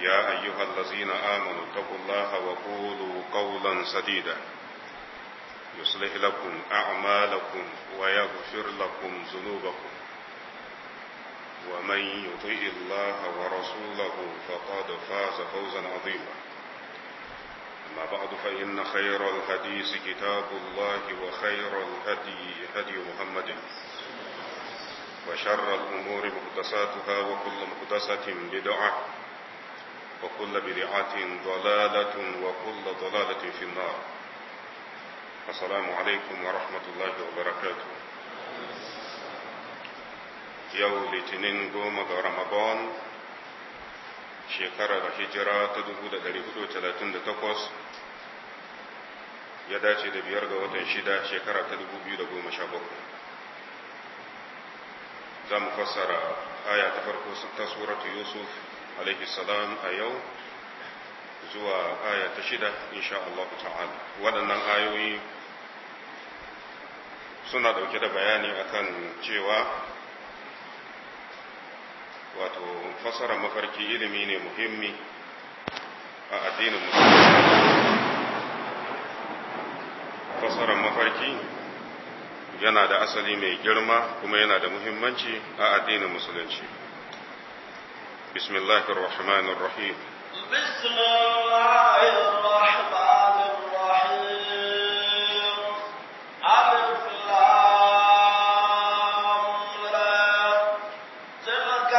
يا أيها الذين آمنوا اتقوا الله وقولوا قولا سديدا يصلح لكم أعمالكم ويغفر لكم ذنوبكم ومن يطيء الله ورسوله فقد فاز فوزا عظيما أما بعد فإن خير الحديث كتاب الله وخير الهدي هدي محمد وشر الأمور مقدساتها وكل مقدسة بدعة وكل بدعة ضلالة وكل ضلالة في النار السلام عليكم ورحمة الله وبركاته يوم تنين قوم رمضان شكرا الهجرة تدهو دا دريقو تلاتون دا تقوص يدا تدى بيارغ وتنشيدا شكرا تدهو بيودا قوم شابوك زم فسر آية تفرقو ستة سورة يوسف alaihi salam a yau zuwa kaya ta shida insha Allah ta'ala waɗannan ayoyi suna ɗauke da bayani akan cewa wato fasara mafarki ilimi ne muhimmi a addinin musulmi fasarar mafarki yana da asali mai girma kuma yana da muhimmanci a addinin musulunci بسم الله الرحمن الرحيم بسم الله الرحمن الرحيم ألف تلك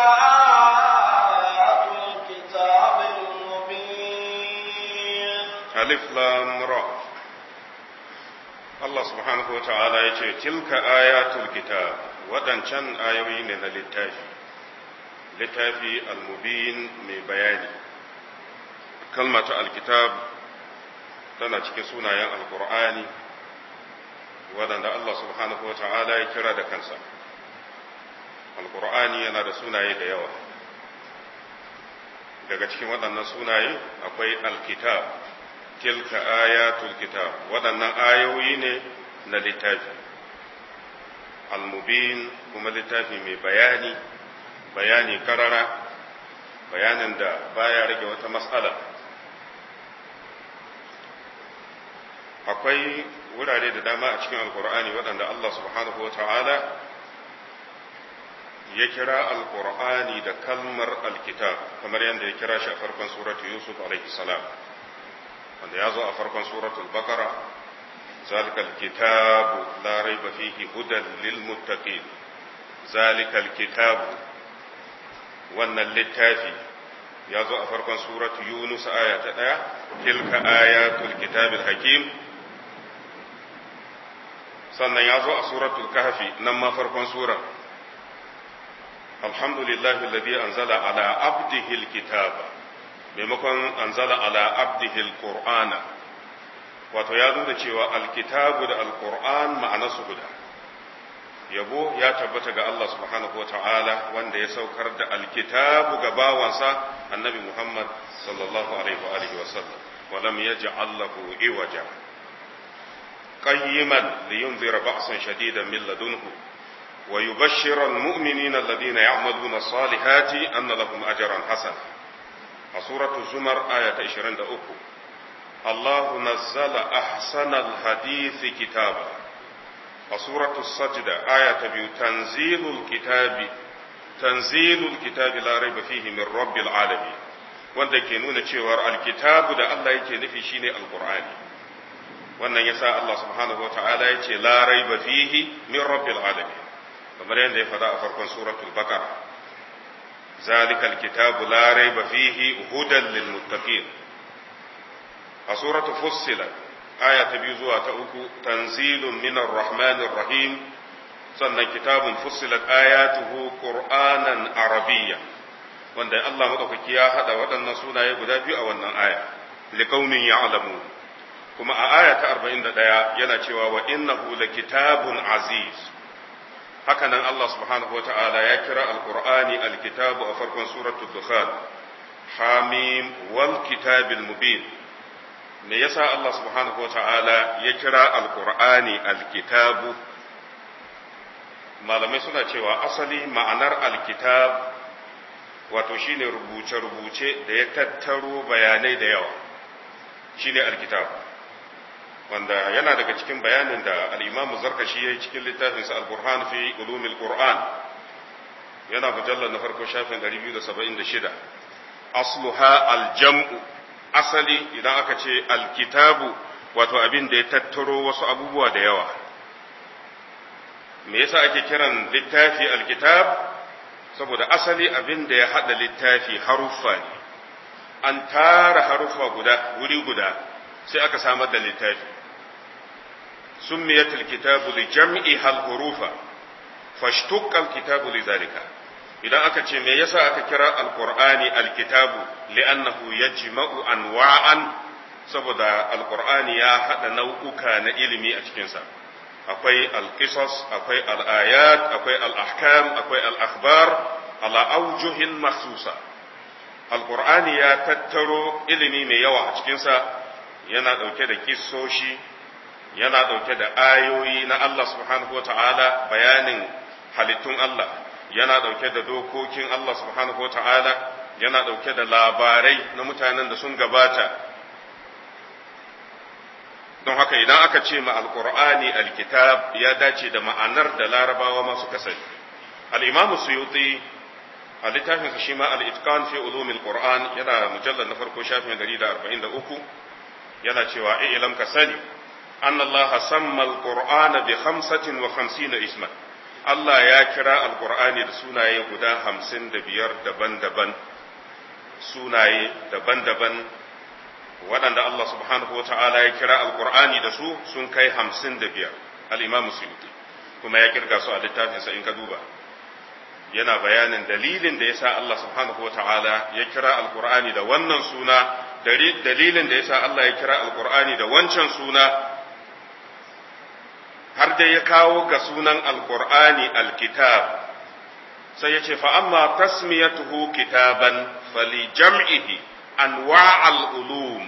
آيات الكتاب المبين ألف لام را Allah subhanahu wa ta'ala ya ce, Tilka ayatul kitab, للتاجر littafi al mai bayani kalma ta alkitab tana cikin sunayen alkur'ani waɗanda Allah subhanahu wa ta'ala ya kira da kansa alkur'ani yana da sunaye da yawa daga cikin waɗannan sunaye akwai alkitab tilka ayatul kitab waɗannan ayoyi ne na littafi al kuma littafi mai bayani bayani karara bayanin da baya rage wata matsala akwai wurare da dama a cikin alkur'ani waɗanda Allah subhanahu wa ta'ala ya kira alkur'ani da kalmar alkitab kamar yadda ya kira shi a farkon suratu yusuf salam wanda ya zo a farkon suratul bakara zalikal kitabu la raiba fihi hudan lil muttaqin zalikal kitabu wannan littafi ya zo a farkon suratu yunus aya ta ɗaya tilka ayatul kitabil hakim sannan ya zo a suratul kahfi nan ma farkon sura alhamdulillahi alladhi anzala ala abdihi alkitaba maimakon anzala ala abdihi alqur'ana wato ya nuna cewa alkitabu da alqur'an ma'anarsu guda yabo ya tabbata ga Allah subhanahu wa ta'ala wanda ya saukar da alkitabu ga bawansa annabi Muhammad sallallahu alaihi wa alihi wa sallam wa lam yaj'al lahu iwaja qayyiman liyunzira shadidan min ladunhu wa yubashshira al-mu'minina alladhina ya'maluna as-salihati anna lahum ajran Hassan. a suratu zumar aya Allahu 23 Allah nazzala ahsanal hadisi kitaba a suratu sajda aya ta biyu tanzilul kitabi tanzilul kitabi la raiba fihi min wanda ke nuna cewar alkitabu da Allah yake nufi shine alqur'ani wannan yasa Allah subhanahu wataala yace la raiba fihi min rabbil alamin kamar yadda ya faɗa a farkon suratul baqara zalikal kitabu la raiba fihi hudan lil muttaqin a suratul fussilat aya ta biyu zuwa ta uku tanzilun minar rahmanir rahim sannan kitabun fussilat ayatuhu qur'anan arabiyya wanda Allah madaukaki ya hada waɗannan sunaye guda biyu a wannan aya liqaumin ya'lamu kuma a aya ta 41 yana cewa wa innahu lakitabun aziz haka nan Allah subhanahu wata'ala ya kira alqur'ani alkitabu a farkon suratul dukhan hamim wal kitabil mubin me yasa Allah subhanahu wata'ala ya kira alkur'ani alkitabu malamai suna cewa asali ma'anar alkitab wato shine rubuce-rubuce da ya tattaro bayanai da yawa shine alkitab wanda yana daga cikin bayanin da al'imamu zarkashi ya yi cikin littafinsa al-burhan fi ulumil qur'an yana mujallar na farko shafin 276 asluha aljam'u asali idan aka ce alkitabu wato abin da ya tattaro wasu abubuwa da yawa me yasa ake kiran littafi alkitab saboda asali abin da ya haɗa littafi haruffa ne an tara haruffa guda wuri guda sai aka samar da littafi summiyat alkitabu li jam'i hal hurufa fashtuqqa alkitabu li zalika idan aka ce me yasa aka kira alkur'ani alkitabu li'annahu yajma'u anwa'an saboda alqur'ani ya hada nau'uka na ilimi a cikinsa. sa akwai alqisas akwai alayat akwai alahkam akwai alakhbar ala aujuhin mahsusa alqur'ani ya tattaro ilimi mai yawa a cikinsa. yana dauke da kissoshi yana dauke da ayoyi na Allah subhanahu wataala bayanin halittun Allah yana ɗauke da dokokin Allah subhanahu ta'ala yana ɗauke da labarai na mutanen da sun gabata don haka idan aka ce ma alƙur'ani alkitab ya dace da ma'anar da larabawa masu kasari al'imamu suyuti a littafinsa shi ma al'itkan fi ulumin ƙur'an yana mujallar na farko shafin 143 yana cewa ilam ka sani an Allah samma alƙur'ana bi hamsatin wa isma Allah ya kira alkur'ani da sunaye guda hamsin da biyar daban-daban sunaye daban-daban waɗanda Allah subhanahu wa ta'ala ya kira alkur'ani da su sun kai hamsin da biyar al'imamu suyuti kuma ya kirga su a littafinsa in ka duba yana bayanin dalilin da ya sa Allah subhanahu wa ta'ala ya kira alkur'ani da wannan suna dalilin da ya sa Allah ya kira alkur'ani da wancan suna har dai ya kawo ga sunan alkur'ani alkitab sai ya ce fa tasmiyatuhu kitaban fali jam'ihi anwa ulum.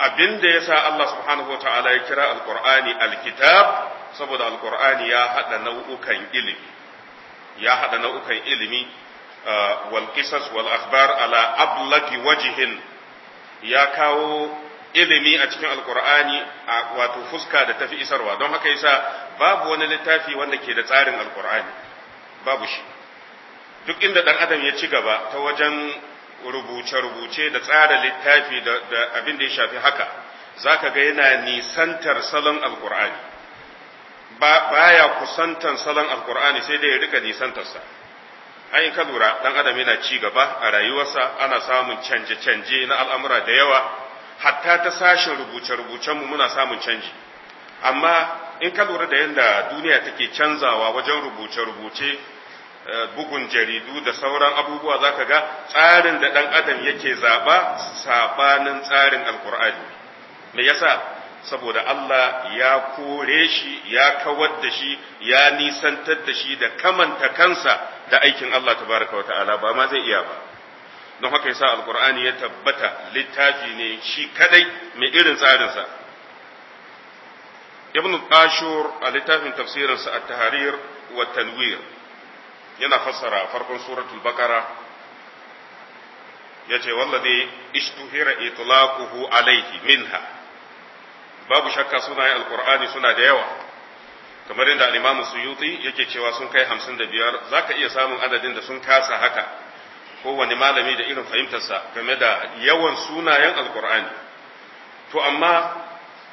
abin da ya sa Allah subhanahu wa ta'ala ya kira alkur'ani alkitab saboda alkur'ani ya haɗa nau'ukan ilimi ya haɗa nau'ukan ilimi ah, wal qisas wal akhbar ala ablagi wajihin ya kawo ilimi a cikin alkur'ani a wato fuska da tafi isarwa don haka yasa babu wani littafi wanda ke da tsarin alkur'ani babu shi duk inda dan adam ya ci gaba ta wajen rubuce-rubuce da tsara littafi da abin da ya shafi haka zaka ga yana nisantar salon alkur'ani baya kusantan salon alkur'ani sai dai ya rika nisantarsa ai ka lura dan adam yana ci gaba a rayuwarsa ana samun canje-canje na al'amura da yawa hatta ta sashen rubuce-rubucenmu muna samun canji amma in ka lura da yadda duniya take canzawa wajen rubuce-rubuce eh, bugun jaridu da sauran abubuwa za ka ga tsarin da ɗan adam yake zaɓa saɓanin tsarin alkur'ani me yasa saboda Allah ya kore shi ya kawar da shi ya nisantar da shi da kamanta kansa da aikin Allah tabaraka wa ta'ala ba ma zai iya ba don haka yasa alkur'ani ya tabbata littafi ne shi kadai mai irin tsarinsa ibn ashur a littafin tafsirinsa a tahrir wa tanwir yana fassara farkon suratul Ya ce wallazi ishtuhira itlaquhu alayhi minha babu shakka suna yin alqur'ani suna da yawa kamar yadda al-imam suyuti yake cewa sun kai hamsin da Za zaka iya samun adadin da sun kasa haka kowane malami da irin fahimtarsa game da yawan sunayen alkur'ani to amma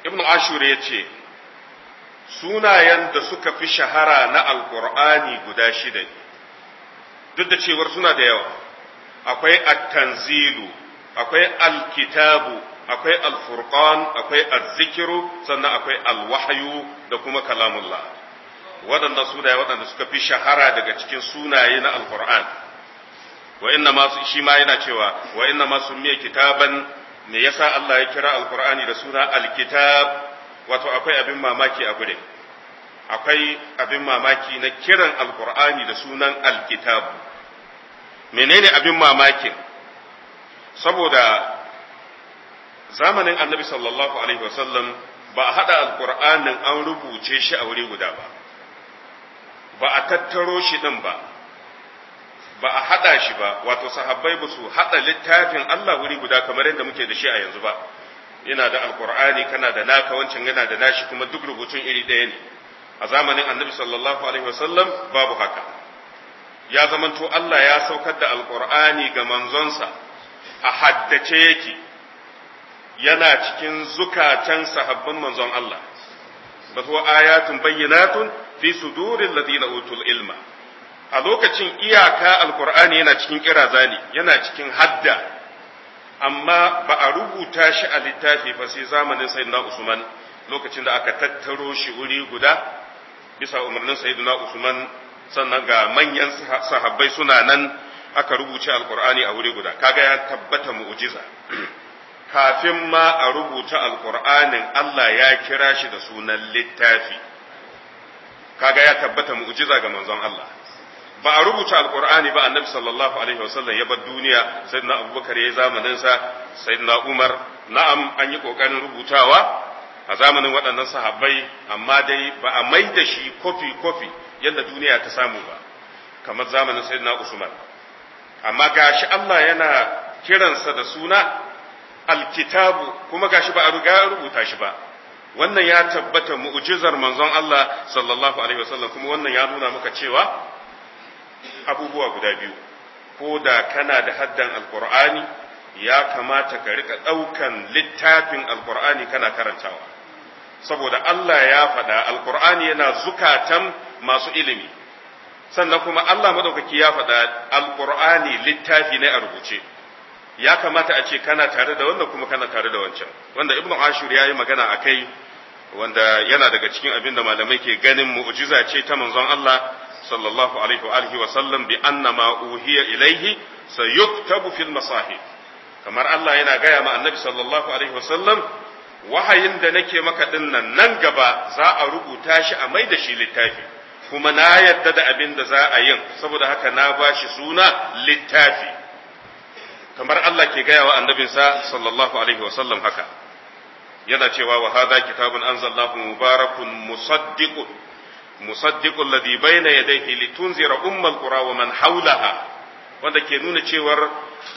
ibn ashur ya ce sunayen da suka fi shahara na alkur'ani guda shida duk da cewar suna da yawa akwai at-tanzilu akwai al-kitabu akwai al akwai az sannan akwai al da kuma kalamullah waɗannan sunaye waɗanda suka fi shahara daga cikin sunaye na alkur'ani wa inna ma shi ma yana cewa wa inna ma sumiya kitaban me yasa Allah ya kira alqur'ani da suna alkitab wato akwai abin mamaki a gure akwai abin mamaki na kiran alqur'ani da sunan alkitab menene abin mamakin saboda zamanin annabi sallallahu alaihi wasallam ba a hada alqur'anin an rubuce shi a wuri guda ba ba a tattaro shi din ba ba a haɗa shi ba wato sahabbai ba su haɗa littafin Allah wuri guda kamar yadda muke da shi a yanzu ba ina da alkur'ani kana da naka wancan yana da nashi kuma duk rubutun iri ɗaya ne a zamanin annabi sallallahu alaihi wasallam babu haka ya zamanto Allah ya saukar da alkur'ani ga manzonsa a haddace yake yana cikin zukatan sahabban manzon Allah bal huwa ayatun bayyinatun fi sudurin ladina utul ilma a lokacin iyaka alkur'ani yana cikin kiraza ne yana cikin hadda amma ba a rubuta shi a littafi ba sai zamanin sayyidina usman lokacin da aka tattaro shi wuri guda bisa umarnin sayyidina usman sannan ga manyan sahabbai suna nan aka rubuce alkur'ani a wuri guda kaga ya tabbata mu'jiza kafin ma a rubuta alkur'anin Allah ya kira shi da sunan littafi kaga ya tabbata mu'jiza ga manzon Allah ba a rubuta alkur'ani ba annabi sallallahu alaihi wasallam ya bar duniya na abubakar yi zamanin sa na umar na'am an yi kokarin rubutawa a zamanin waɗannan sahabbai amma dai ba a mai da shi kofi kofi yadda duniya ta samu ba kamar zamanin na usman amma gashi Allah yana kiransa da suna alkitabu kuma gashi ba a rubuta shi ba wannan ya tabbata mu'jizar manzon Allah sallallahu alaihi wasallam kuma wannan ya nuna maka cewa abubuwa guda biyu ko da kana da haddan alqur'ani ya kamata ka rika ɗaukan littafin alqur'ani kana karantawa saboda Allah ya faɗa alqur'ani yana zukatan masu ilimi sannan kuma Allah madaukaki ya faɗa alqur'ani littafi ne a rubuce ya kamata a ce kana tare da wannan kuma kana tare da wancan wanda ibnu ashur yayi magana akai wanda yana daga cikin abin da malamai ke ganin mu'jiza ce ta manzon Allah sallallahu alaihi wa alihi wa sallam bi anna ma uhiya ilaihi sayuktabu fil masahi. kamar Allah yana gaya ma annabi sallallahu alaihi wa sallam wahayin da nake maka dinnan nan nan gaba za a rubuta shi a mai da shi littafi kuma na yadda da abin da za a yin saboda haka na ba shi suna littafi kamar Allah ke gaya wa annabinsa sallallahu alaihi wa sallam haka yana cewa wa hadha kitabun anzalnahu mubarakun musaddiqun musaddiqul ladhi bayna yadayhi litunzira ummal qura wa man hawlaha wanda ke nuna cewar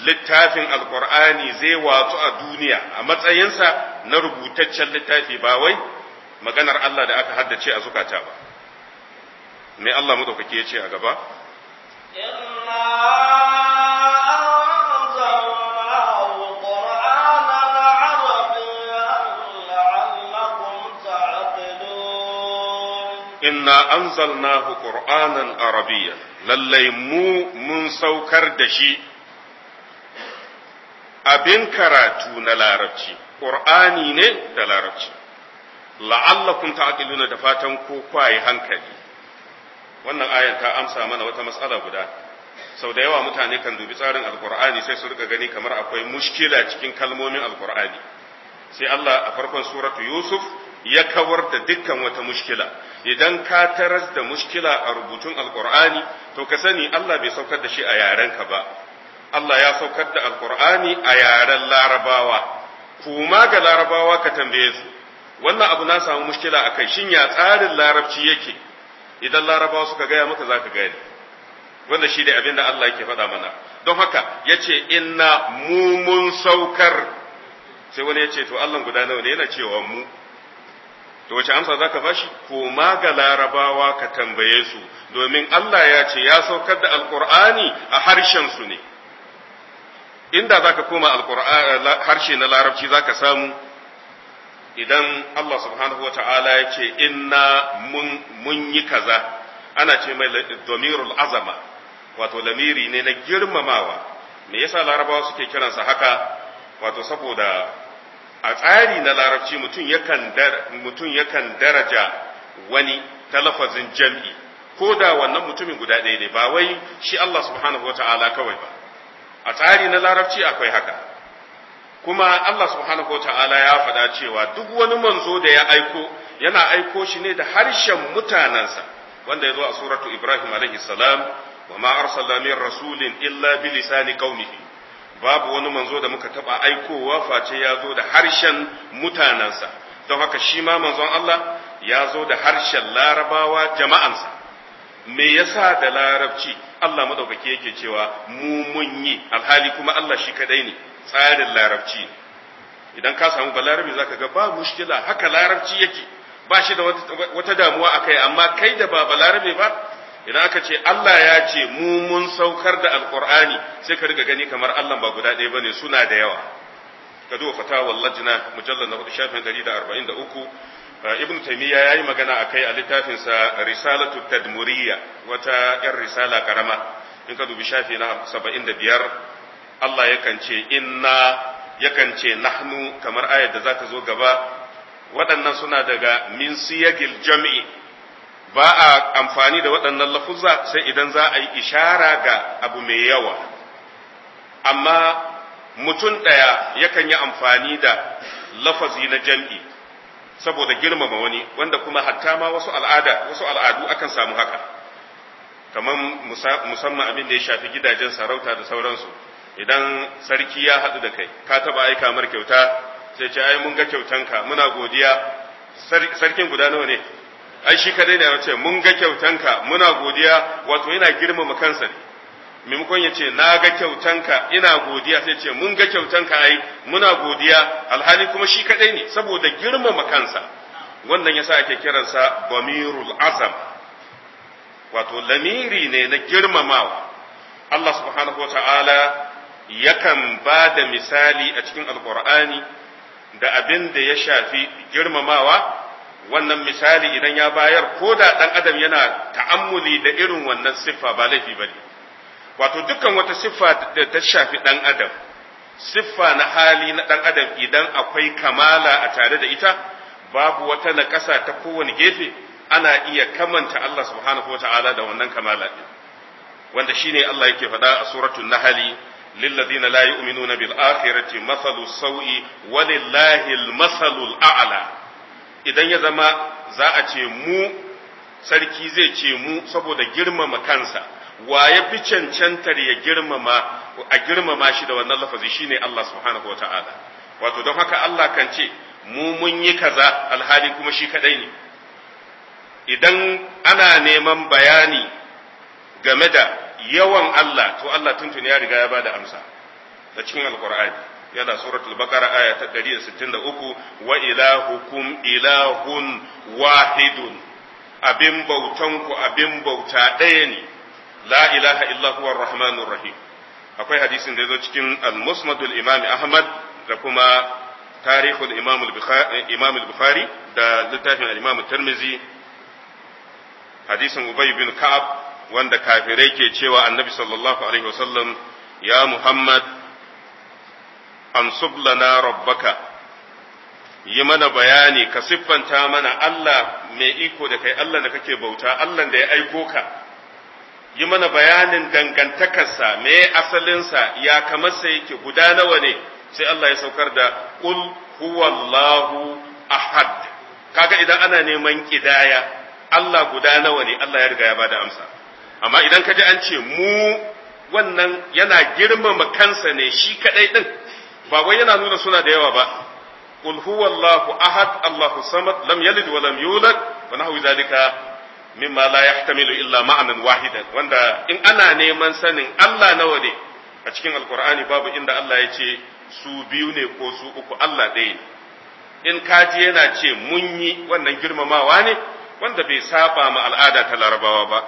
littafin alƙur'ani zai watsu a duniya a matsayinsa na rubutaccen littafi ba wai maganar Allah da aka haddace a zukata ba me Allah madaukake ya ce a gaba inna anzalnahu qur'anan arabiyya lallai mu mun saukar da shi abin karatu na larabci qur'ani ne da larabci la'allakum ta'qiluna da fatan ko kwaye hankali wannan ayan ta amsa mana wata matsala guda sau da yawa mutane kan dubi tsarin alkur'ani sai su rika gani kamar akwai mushkila cikin kalmomin alkur'ani sai Allah a farkon suratu yusuf ya kawar da dukkan wata mushkila idan ka taras da mushkila a rubutun alkur'ani to ka sani Allah bai saukar da shi a yarenka ba Allah ya saukar da alkur'ani a yaren larabawa kuma ga larabawa ka tambaye su wannan abu na samu mushkila kai, shin ya tsarin larabci yake idan larabawa suka gaya maka ka gane wanda shi da abin da Allah yake faɗa mana don haka yace inna mu mun saukar sai wani ce to Allah guda nawa ne yana cewa mu to wace amsa zaka bashi koma ga larabawa ka tambaye su domin Allah ya ce ya saukar da alkur'ani a harshen su ne inda zaka koma harshe na larabci zaka samu idan Allah subhanahu wata'ala ya ce inna mun mun yi kaza ana ce mai domirul azama wato lamiri ne na girmamawa me yasa larabawa suke kiransa haka wato saboda a tsari na larabci mutum yakan mutum yakan daraja wani talafazin jam'i ko da wannan mutumin guda ɗaya ne ba wai shi Allah subhanahu wata'ala kawai ba a tsari na larabci akwai haka kuma Allah subhanahu wata'ala ya faɗa cewa duk wani manzo da ya aiko yana aiko shi ne da harshen mutanensa wanda ya zo a suratu Ibrahim alaihi salam wa ma arsalna min rasulin illa bi lisani qaumihi babu wani manzo da muka taba aikowa face ya zo da harshen mutanensa don haka shi ma manzon Allah ya zo da harshen larabawa jama'ansa me yasa da larabci Allah madaukake yake cewa mu mun yi alhali kuma Allah shi kadai ne tsarin larabci idan ka samu balarabi zaka ga ba mushkila haka larabci yake ba shi da wata damuwa akai amma kai da ba balarabe ba idan aka ce Allah ya ce mu mun saukar da alqur'ani sai ka riga gani kamar Allah ba guda ɗaya bane suna da yawa ka duba fatawar lajna mujallal na hudu shafin 143 uh, ibn ya yi magana a kai a littafin sa risalatu tadmuriya wata yar risala karama in ka dubi shafi na 75 Allah yakan ce inna yakan ce nahnu kamar ayar da za ta zo gaba waɗannan suna daga min siyagil jam'i ba a amfani da waɗannan lafuzza sai idan za a yi ishara ga abu mai yawa amma mutum ɗaya yakan yi amfani da lafazi na jam'i saboda girmama wani wanda kuma hatta ma wasu al'ada wasu al'adu akan samu haka kamar musamman abin da ya shafi gidajen sarauta da sauransu idan sarki ya haɗu da kai ka taɓa aika mar kyauta sai ce ai mun ga kyautanka muna godiya sarkin guda nawa ne ai shi kadai ne ce mun ga kyautanka muna godiya wato yana girmama kansa ne maimakon ya ce na ga kyautanka ina godiya sai ce mun ga kyautanka ai muna godiya alhali kuma shi kadai ne saboda girmama kansa wannan yasa ake kiransa bamirul azam wato lamiri ne na girmamawa Allah subhanahu wata'ala yakan ba da misali a cikin alkur'ani da abin da ya shafi girmamawa wannan misali idan ya bayar ko da ɗan adam yana ta'ammuli da irin wannan siffa ba laifi ba ne wato dukkan wata siffa da ta shafi ɗan adam siffa na hali na ɗan adam idan akwai kamala a tare da ita babu wata na ƙasa ta kowane gefe ana iya kamanta Allah subhanahu wata'ala da wannan kamala ɗin wanda shine Allah yake faɗa a suratul nahli lillazina la na bil akhirati mathalu sau'i walillahi al masalul a'la idan ya zama za a ce mu sarki zai ce mu saboda girmama kansa wa ya fi cancantar ya girmama a girmama shi da wannan lafazi shine Allah subhanahu wa ta'ala wato don haka Allah kan ce mu mun yi kaza alhali kuma shi kadai ne idan ana neman bayani game da yawan Allah to Allah tuntuni ya riga ya bada amsa da cikin alkur'ani yana suratul baqara aya ta 163 wa ilahukum ilahun wahidun abin ku abin bauta ɗaya ne la ilaha illahu rahmanur rahim akwai hadisin da ya cikin al-musnadul imam ahmad da kuma tarihul imam al-bukhari da littafin al-imam tirmizi hadisin ubay bin ka'ab wanda kafirai ke cewa annabi sallallahu alaihi wasallam ya muhammad ansub lana rabbaka yi mana bayani ka siffanta mana Allah mai iko da kai Allah da kake bauta Allah da ya aiko ka yi mana bayanin dangantakarsa me asalinsa ya kamarsa yake guda nawa ne sai Allah ya saukar da qul huwallahu ahad kaga idan ana neman kidaya Allah guda nawa ne Allah ya riga ya bada amsa amma idan ka ji an ce mu wannan yana girmama kansa ne shi kadai din ba wai yana nuna suna da yawa ba qul huwallahu ahad allahu samad lam yalid wa lam yulad wa nahwi zalika mimma la yahtamilu illa ma'anan wahidan wanda in ana neman sanin Allah nawa ne a cikin alqur'ani babu inda Allah ya ce su biyu ne ko su uku Allah ɗaya ne in kaji yana ce mun yi wannan girmamawa ne wanda bai saba ma al'ada ta larabawa ba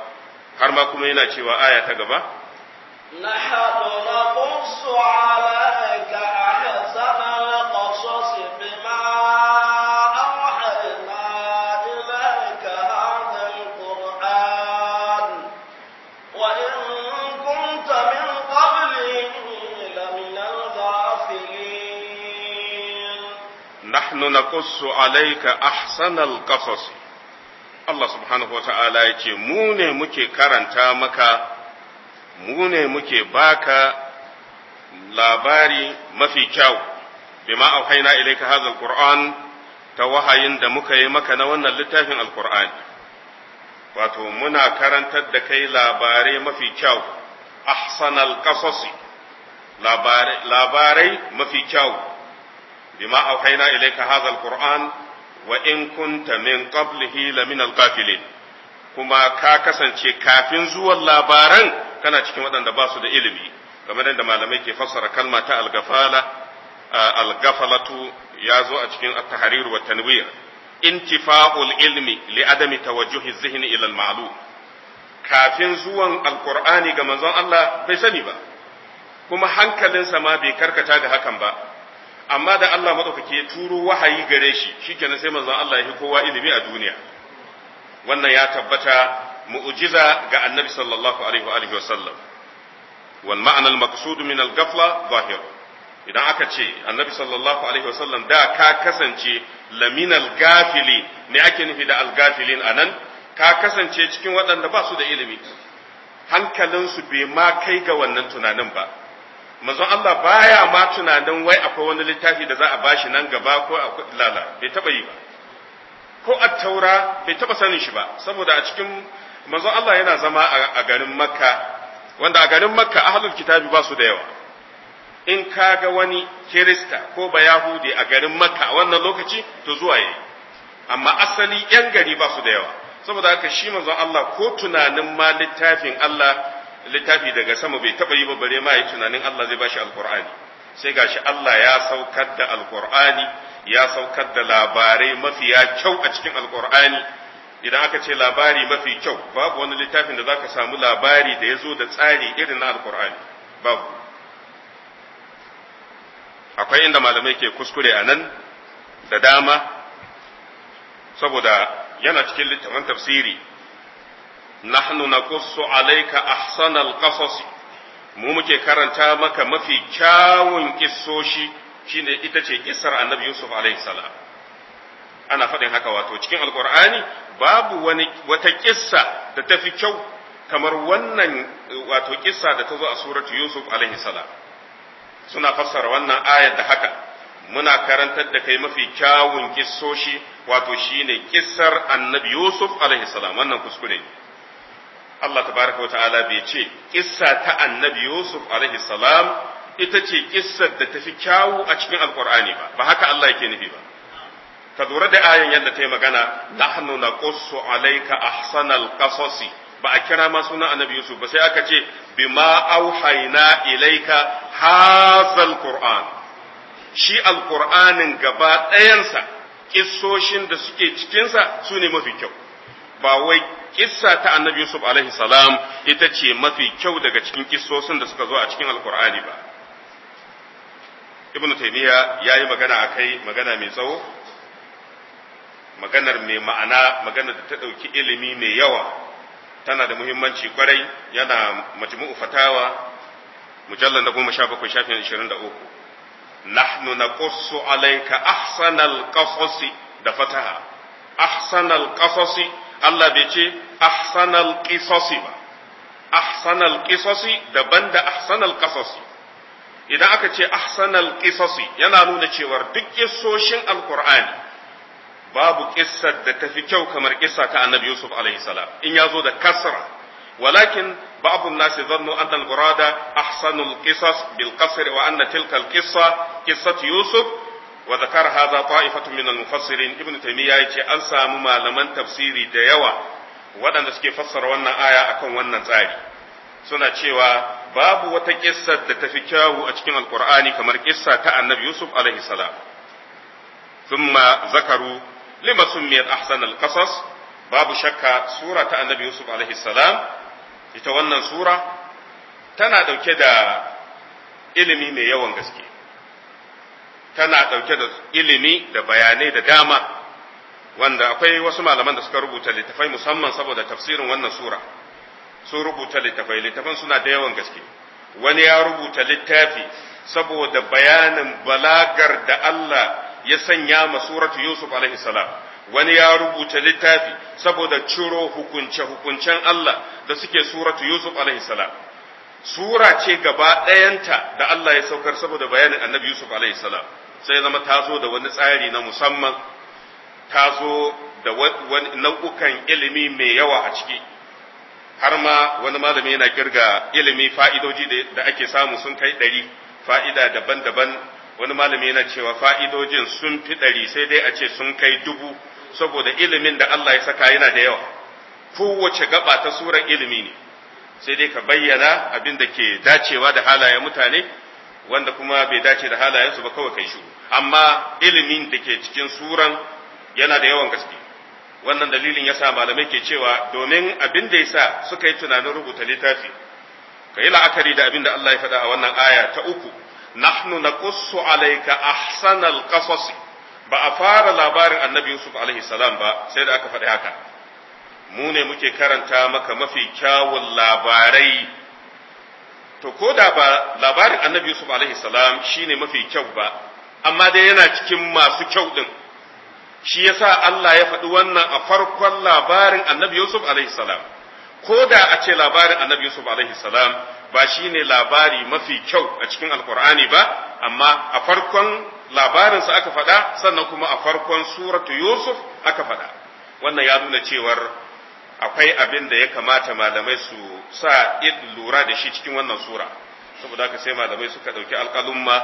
har ma kuma yana cewa aya ta gaba نحن نقص عليك أحسن القصص بما أوحينا إليك هذا القرآن وإن كنت من قبله لمن الغافلين نحن نقص عليك أحسن القصص Allah subhanahu wa ta'ala ya Mu ne muke karanta maka mu ne muke baka labari mafi kyau bima auhayna ilayka hadha alquran ta wahayin da muka yi maka na wannan littafin alquran wato muna karantar da kai labarai mafi kyau ahsan alqasasi labarai mafi kyau bima auhayna ilayka hadha alquran wa in kunta min qablihi lamin alqafilin kuma ka kasance kafin zuwan labaran kana cikin waɗanda ba su da ilimi game da malamai ke fassara kalma ta algafala algafalatu ya zo a cikin at-tahrir wa tanwir intifa'ul ilmi li adami tawajjuhi zihni ila al-ma'lum kafin zuwan alqur'ani ga manzon Allah bai sani ba kuma hankalinsa ma bai karkata ga hakan ba amma da Allah madaukake ya turo wahayi gare shi shikenan sai manzon Allah ya kowa ilimi a duniya wannan ya tabbata Mu'ujiza ga annabi sallallahu alaihi wa alihi wasallam wal min al zahir idan aka ce annabi sallallahu alaihi wasallam da ka kasance laminal gafili ne ake nufi da algafilin a nan ka kasance cikin waɗanda ba su da ilimi hankalinsu bai ma kai ga wannan tunanin ba manzon Allah baya ma tunanin wai akwai wani littafi da za bashi nan gaba ko a lala bai taɓa yi ba ko attaura bai taba sanin shi ba saboda a cikin manzo Allah yana zama a garin makka wanda a garin makka ahlul kitabi ba su da yawa in ka ga wani kirista ko bayahudi a garin makka a wannan lokaci to zuwa yi. amma asali yan gari ba su da yawa saboda haka shi manzo Allah ko tunanin ma littafin Allah littafi daga sama bai taba yi ba bare ma yi tunanin Allah zai bashi alqur'ani sai gashi Allah ya saukar da alqur'ani ya saukar da labarai mafiya kyau a cikin alqur'ani idan aka ce labari mafi kyau babu wani littafin da zaka samu labari da ya zo da tsari irin na alkur'ani babu akwai inda malamai ke kuskure a nan da dama saboda yana cikin littafin tafsiri nahnu naqussu alayka ahsanal qasas mu muke karanta maka mafi kyawun kissoshi shine ita ce kisar annabi yusuf alaihi salam ana faɗin haka wato cikin alkur'ani babu wani wata kissa da ta fi kyau kamar wannan wato kissa da ta zo a suratu Yusuf alaihi salam suna fassara wannan ayar da haka muna karantar da kai mafi kyawun kissoshi wato shine kissar annabi Yusuf alaihi salam wannan kuskure ne Allah tabaraka wa ta'ala bai ce kissa ta annabi Yusuf alaihi salam ita ce kissar da tafi kyawu a cikin Alƙur'ani ba ba haka Allah yake nufi ba ka lura da ayan yadda ta yi magana nahnu ƙusu alaika ahsanal qasasi ba a kira ma sunan annabi yusuf ba sai aka ce bima auhayna ilaika hazal qur'an shi alqur'anin gaba ɗayansa kissoshin da suke cikinsa su ne mafi kyau ba wai kissa ta annabi yusuf alaihi salam ita ce mafi kyau daga cikin kissosin da suka zo a cikin alqur'ani ba ibnu taymiya yayi magana akai magana mai tsawo maganar mai ma'ana maganar da ta ɗauki ilimi mai yawa tana da muhimmanci kwarai yana majmu'u fatawa mujallar da goma sha bakwai shafin ashirin da uku nahnu naqussu alaika ahsanal qasasi da fataha ahsanal qasasi Allah bai ce ahsanal qisasi ba ahsanal qisasi daban da ahsanal ƙasasi, idan aka ce ahsanal ƙisasi, yana nuna cewar duk kissoshin alkur'ani babu kissar da tafi kyau kamar ƙisa ta annabi Yusuf alaihi in ya zo da kasra walakin ba'd an-nas zannu anna al-murada ahsanu al bil qasr wa anna tilka al-qissa qissat Yusuf wa dhakara hadha ta'ifatu min al-mufassirin ibnu taymiyah yace an samu malaman tafsiri da yawa waɗanda suke fassara wannan aya akan wannan tsari suna cewa babu wata kissa da tafi kyawu a cikin alkur'ani kamar kissa ta annabi yusuf alaihi salam ثم lima summiyat ahsan qasas babu shakka sura ta annabi yusuf alaihi salam ita wannan sura tana ɗauke da ilimi mai yawan gaske tana ɗauke da ilimi da bayanai da dama wanda akwai wasu malaman da suka rubuta littafai musamman saboda tafsirin wannan sura sun rubuta littafai littafan suna da yawan gaske wani ya rubuta littafi saboda bayanin balagar da Allah ya sanya ma suratu Yusuf alaihi salam wani ya rubuta littafi saboda ciro hukunce hukuncen Allah da suke suratu Yusuf alaihi salam sura ce gaba ɗayanta da Allah ya saukar saboda bayanin annabi Yusuf alaihi salam sai zama ta zo da wani tsari na musamman ta zo da wani nau'ukan ilimi mai yawa a ciki har ma wani malami yana kirga ilimi fa'idoji da ake samu sun kai ɗari fa'ida daban-daban wani malami yana cewa fa'idojin sun fi ɗari sai dai a ce sun kai dubu saboda ilimin da Allah ya saka yana da yawa kowace gaba ta surar ilimi ne sai dai ka bayyana abin da ke dacewa da halaye mutane wanda kuma bai dace da su ba kawai kai shuru amma ilimin da ke cikin suran yana da yawan gaske wannan dalilin yasa malamai ke cewa domin abin da yasa suka yi tunanin rubuta littafi ka yi la'akari da abin da Allah ya faɗa a wannan aya ta uku nahnu naqussu alayka ahsanal qasas ba a fara labarin annabi yusuf alaihi salam ba sai da aka faɗi haka mu ne muke karanta maka mafi kyawun labarai to ko da ba labarin annabi yusuf alaihi salam shine mafi kyau ba amma dai yana cikin masu kyau din shi yasa Allah ya faɗi wannan a farkon labarin annabi yusuf alaihi salam ko da a ce labarin annabi yusuf alaihi salam ba shine labari mafi kyau a cikin alkur'ani ba amma a farkon labarinsa aka faɗa sannan kuma a farkon suratu yusuf aka faɗa wannan ya nuna cewar akwai abin da ya kamata malamai su sa id lura da shi cikin wannan sura saboda haka sai malamai suka ɗauki alƙalumma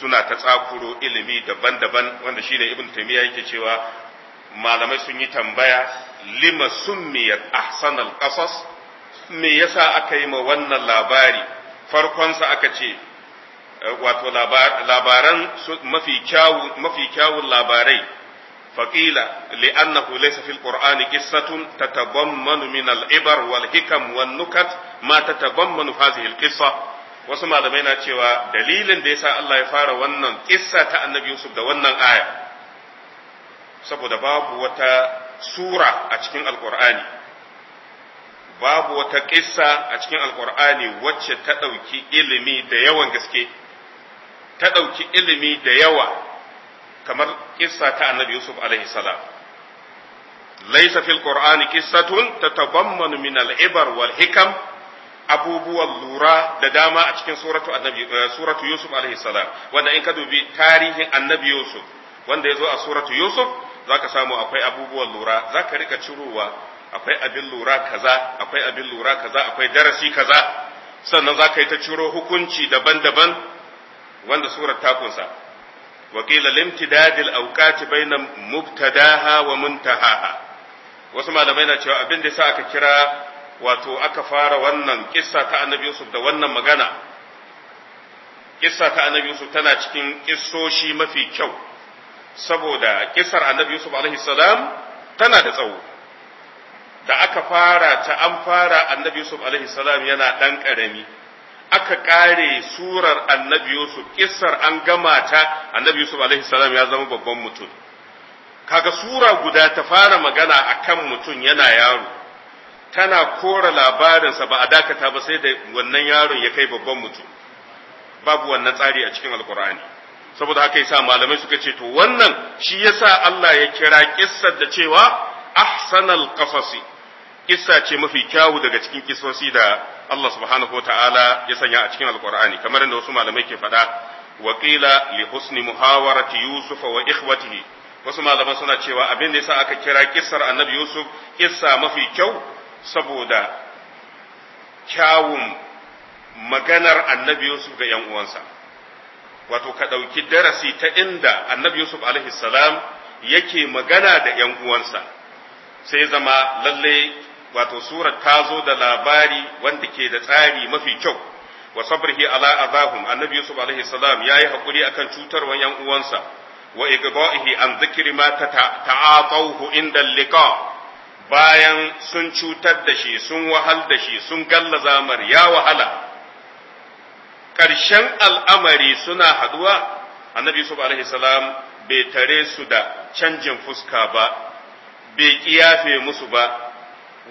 suna ta tsakuro ilimi daban-daban wanda shine ibn taymiya yake cewa malamai sun yi tambaya lima summiyat ahsanal qasas me yasa aka yi ma wannan labari farkonsa aka ce eh, wato labaran mafi kyawu mafi kyawun labarai faqila li'annahu laysa fil qur'ani qissatun tatabammanu min al-ibar wal hikam wan nukat ma tatabammanu hadhihi al-qissa wasu malamai na cewa dalilin da yasa Allah ya fara wannan kissa ta Annabi Yusuf da wannan aya saboda babu wata sura a cikin alkur'ani babu wata ƙissa a cikin alkur'ani wacce ta ɗauki ilimi da yawan gaske ta ɗauki ilimi da yawa kamar ƙissa ta annabi yusuf alaihi salam laisa fil qur'ani qissatun tatabammanu min al-ibar wal hikam abubuwan lura da dama a cikin suratu annabi eh, suratu yusuf alaihi salam wanda in ka dubi tarihin annabi yusuf wanda ya zo a suratu yusuf za ka samu akwai abubuwan lura za ka rika cirowa akwai abin lura kaza akwai abin lura kaza akwai darasi kaza sannan za ka yi ta ciro hukunci daban-daban wanda surar ta kunsa wakila limtidadil auqati baina mubtadaha wa muntahaha wasu malamai na cewa abin da yasa aka kira wato aka fara wannan kissa ta annabi Yusuf da wannan magana kissa ta annabi Yusuf tana cikin kissoshi mafi kyau saboda kisar annabi Yusuf alaihi salam tana da tsawo da aka fara ta an fara annabi Yusuf alaihi salam yana ɗan ƙarami, aka ƙare surar annabi Yusuf kisar an gama ta annabi Yusuf alaihi salam ya zama babban mutum kaga sura guda ta fara magana akan mutum yana yaro tana kora labarinsa ba a dakata ba sai da wannan yaron ya kai babban mutum babu wannan tsari a cikin alkur'ani saboda haka yasa malamai suka ce to wannan shi yasa Allah ya kira kissar da cewa ahsanal qasasi kissa ce mafi kyawu daga cikin kisosi da Allah subhanahu wataala ya sanya a cikin alqur'ani kamar inda wasu malamai ke faɗa wa qila li husni muhawarati yusuf wa ikhwatihi wasu malaman suna cewa abin da yasa aka kira kissar annabi yusuf kissa mafi kyau saboda kyawun maganar annabi yusuf ga yan uwansa wato ka ɗauki darasi ta inda annabi Yusuf alaihi salam yake magana da ‘yan uwansa, sai zama lalle wato surar ta zo da labari wanda ke da tsari mafi kyau, wa sabrihi ala azahum annabi Yusuf salam ya yi haƙuri akan cutarwan ‘yan uwansa, wa igba'ihi an zikiri ma ta'atauhu inda liqa bayan sun cutar da shi, sun wahal da shi, sun galla zamar ya wahala. ƙarshen al'amari suna haduwa annabi yusuf alaihi salam bai tare su da canjin fuska ba bai kiyafe musu ba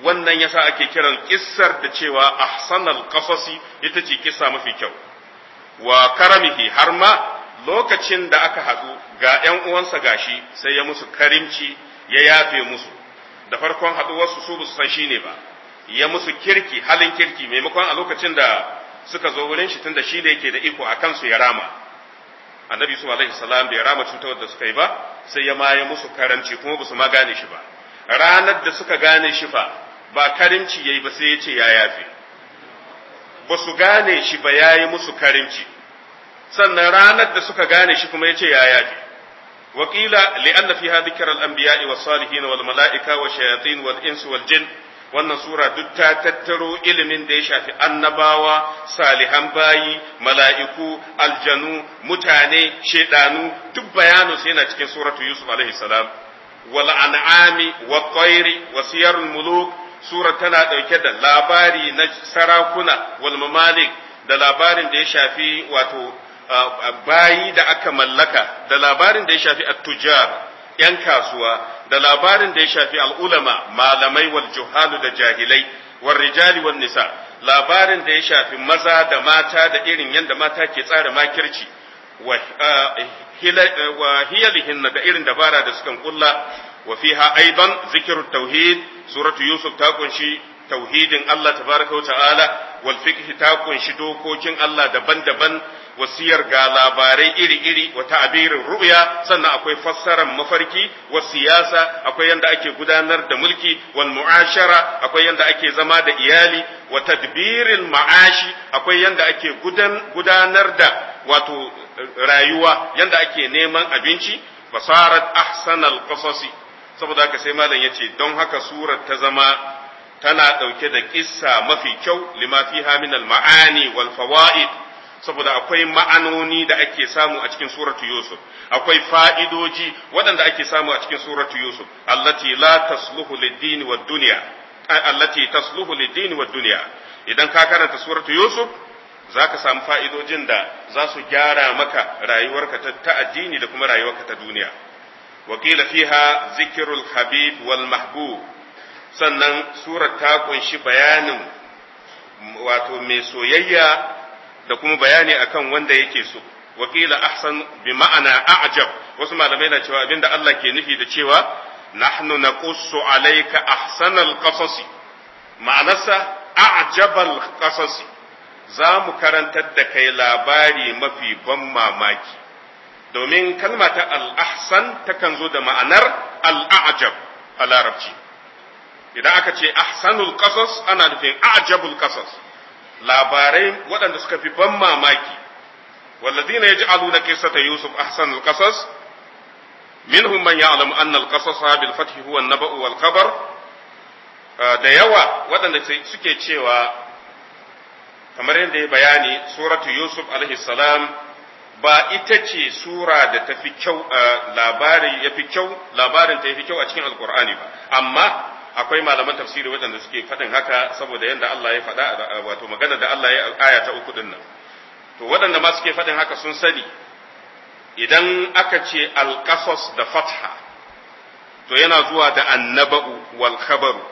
wannan yasa ake kiran kissar da cewa ahsanal qasasi ita ce kissa mafi kyau wa karamihi har ma lokacin da aka haɗu ga ‘yan uwansa gashi sai ya musu karimci ya yafe musu da farkon haɗuwarsu su ba su shi ne ba ya musu kirki halin kirki maimakon a lokacin da suka zo wurin shi tunda shi da yake da iko a kansu ya rama annabi su alaihi salam bai rama cutar da suka yi ba sai ya maye musu karamci kuma ba su ma gane shi ba ranar da suka gane shi fa ba karimci yayi ba sai ya ce ya yafe ba su gane shi ba yayi musu karimci sannan ranar da suka gane shi kuma ya ce ya yafe Wakila وقيل salihin wal-mala'ika الأنبياء shayatin wal-insu wal-jinn wannan sura duk ta tattaro ilimin da ya shafi annabawa salihan bayi mala'iku aljanu mutane shaidanu, duk bayanu sai yana cikin suratu yusuf alaihi salam wal an'ami wa tayri wa siyarul muluk sura tana dauke da labari na sarakuna wal mamalik da labarin da ya shafi wato bayi da aka mallaka da labarin da ya shafi at-tujjar ‘yan kasuwa da labarin da ya shafi al'ulama malamai wal juhalu da jahilai wal rijali wal nisa labarin da ya shafi maza da mata da irin yadda mata ke tsara makirci wa hiyalihinna da irin dabara da sukan kulla wa fiha aidan tauhidi, tauhid suratu yusuf ta kunshi tauhidin Allah tabaraka wa ta'ala wal fiqh ta kunshi dokokin Allah daban-daban wasiyar ga labarai iri-iri wa ta'abirin ru'ya sannan akwai fassarar mafarki wa siyasa akwai yanda ake gudanar da mulki wal mu'ashara akwai yanda ake zama da iyali wa tadbiril ma'ashi akwai yanda ake gudanar da wato rayuwa yanda ake neman abinci fasarat ahsanal qasasi saboda haka sai malam ce, don haka surar ta zama tana ɗauke da ƙissa mafi kyau lima fiha min al-ma'ani wal fawaid saboda akwai ma'anoni da ake samu a cikin suratu Yusuf akwai fa'idoji waɗanda ake samu a cikin suratu Yusuf allati la tasluhu lid-din wad dunya allati tasluhu lid-din dunya idan ka karanta suratu Yusuf zaka samu fa'idojin da za su gyara maka rayuwarka ta addini da kuma rayuwarka ta duniya fiha فيها habib wal mahbub sannan surar ta kunshi bayanin wato mai soyayya da kuma bayani akan wanda yake so wakila ahsan bi ma'ana a'jab wasu malamai na cewa abinda Allah ke nufi da cewa nahnu naqussu alayka ahsanal qasasi ma'anarsa a'jabal qasasi za mu karantar da kai labari mafi ban mamaki domin kalma ta al-ahsan takan zo da ma'anar al-a'jab a larabci idan aka ce ahsanul qasas ana nufin a'jabul qasas labarai waɗanda suka fi ban mamaki والذين يجعلون قصة يوسف أحسن القصص منهم من يعلم أن القصص بالفتح هو النبأ والخبر da yawa waɗanda suke cewa kamar yadda ya bayani suratu yusuf salam ba ita ce sura da ta fi kyau uh, labari ya fi kyau labarin ta ya fi kyau a cikin alkur'ani ba amma akwai malaman tafsiri waɗanda suke faɗin haka saboda yadda Allah ya faɗa wato magana da Allah ya aya ta uku dinnan to waɗanda ma suke faɗin haka sun sani idan aka ce alƙasas da fatha to yana zuwa da annaba'u wal khabaru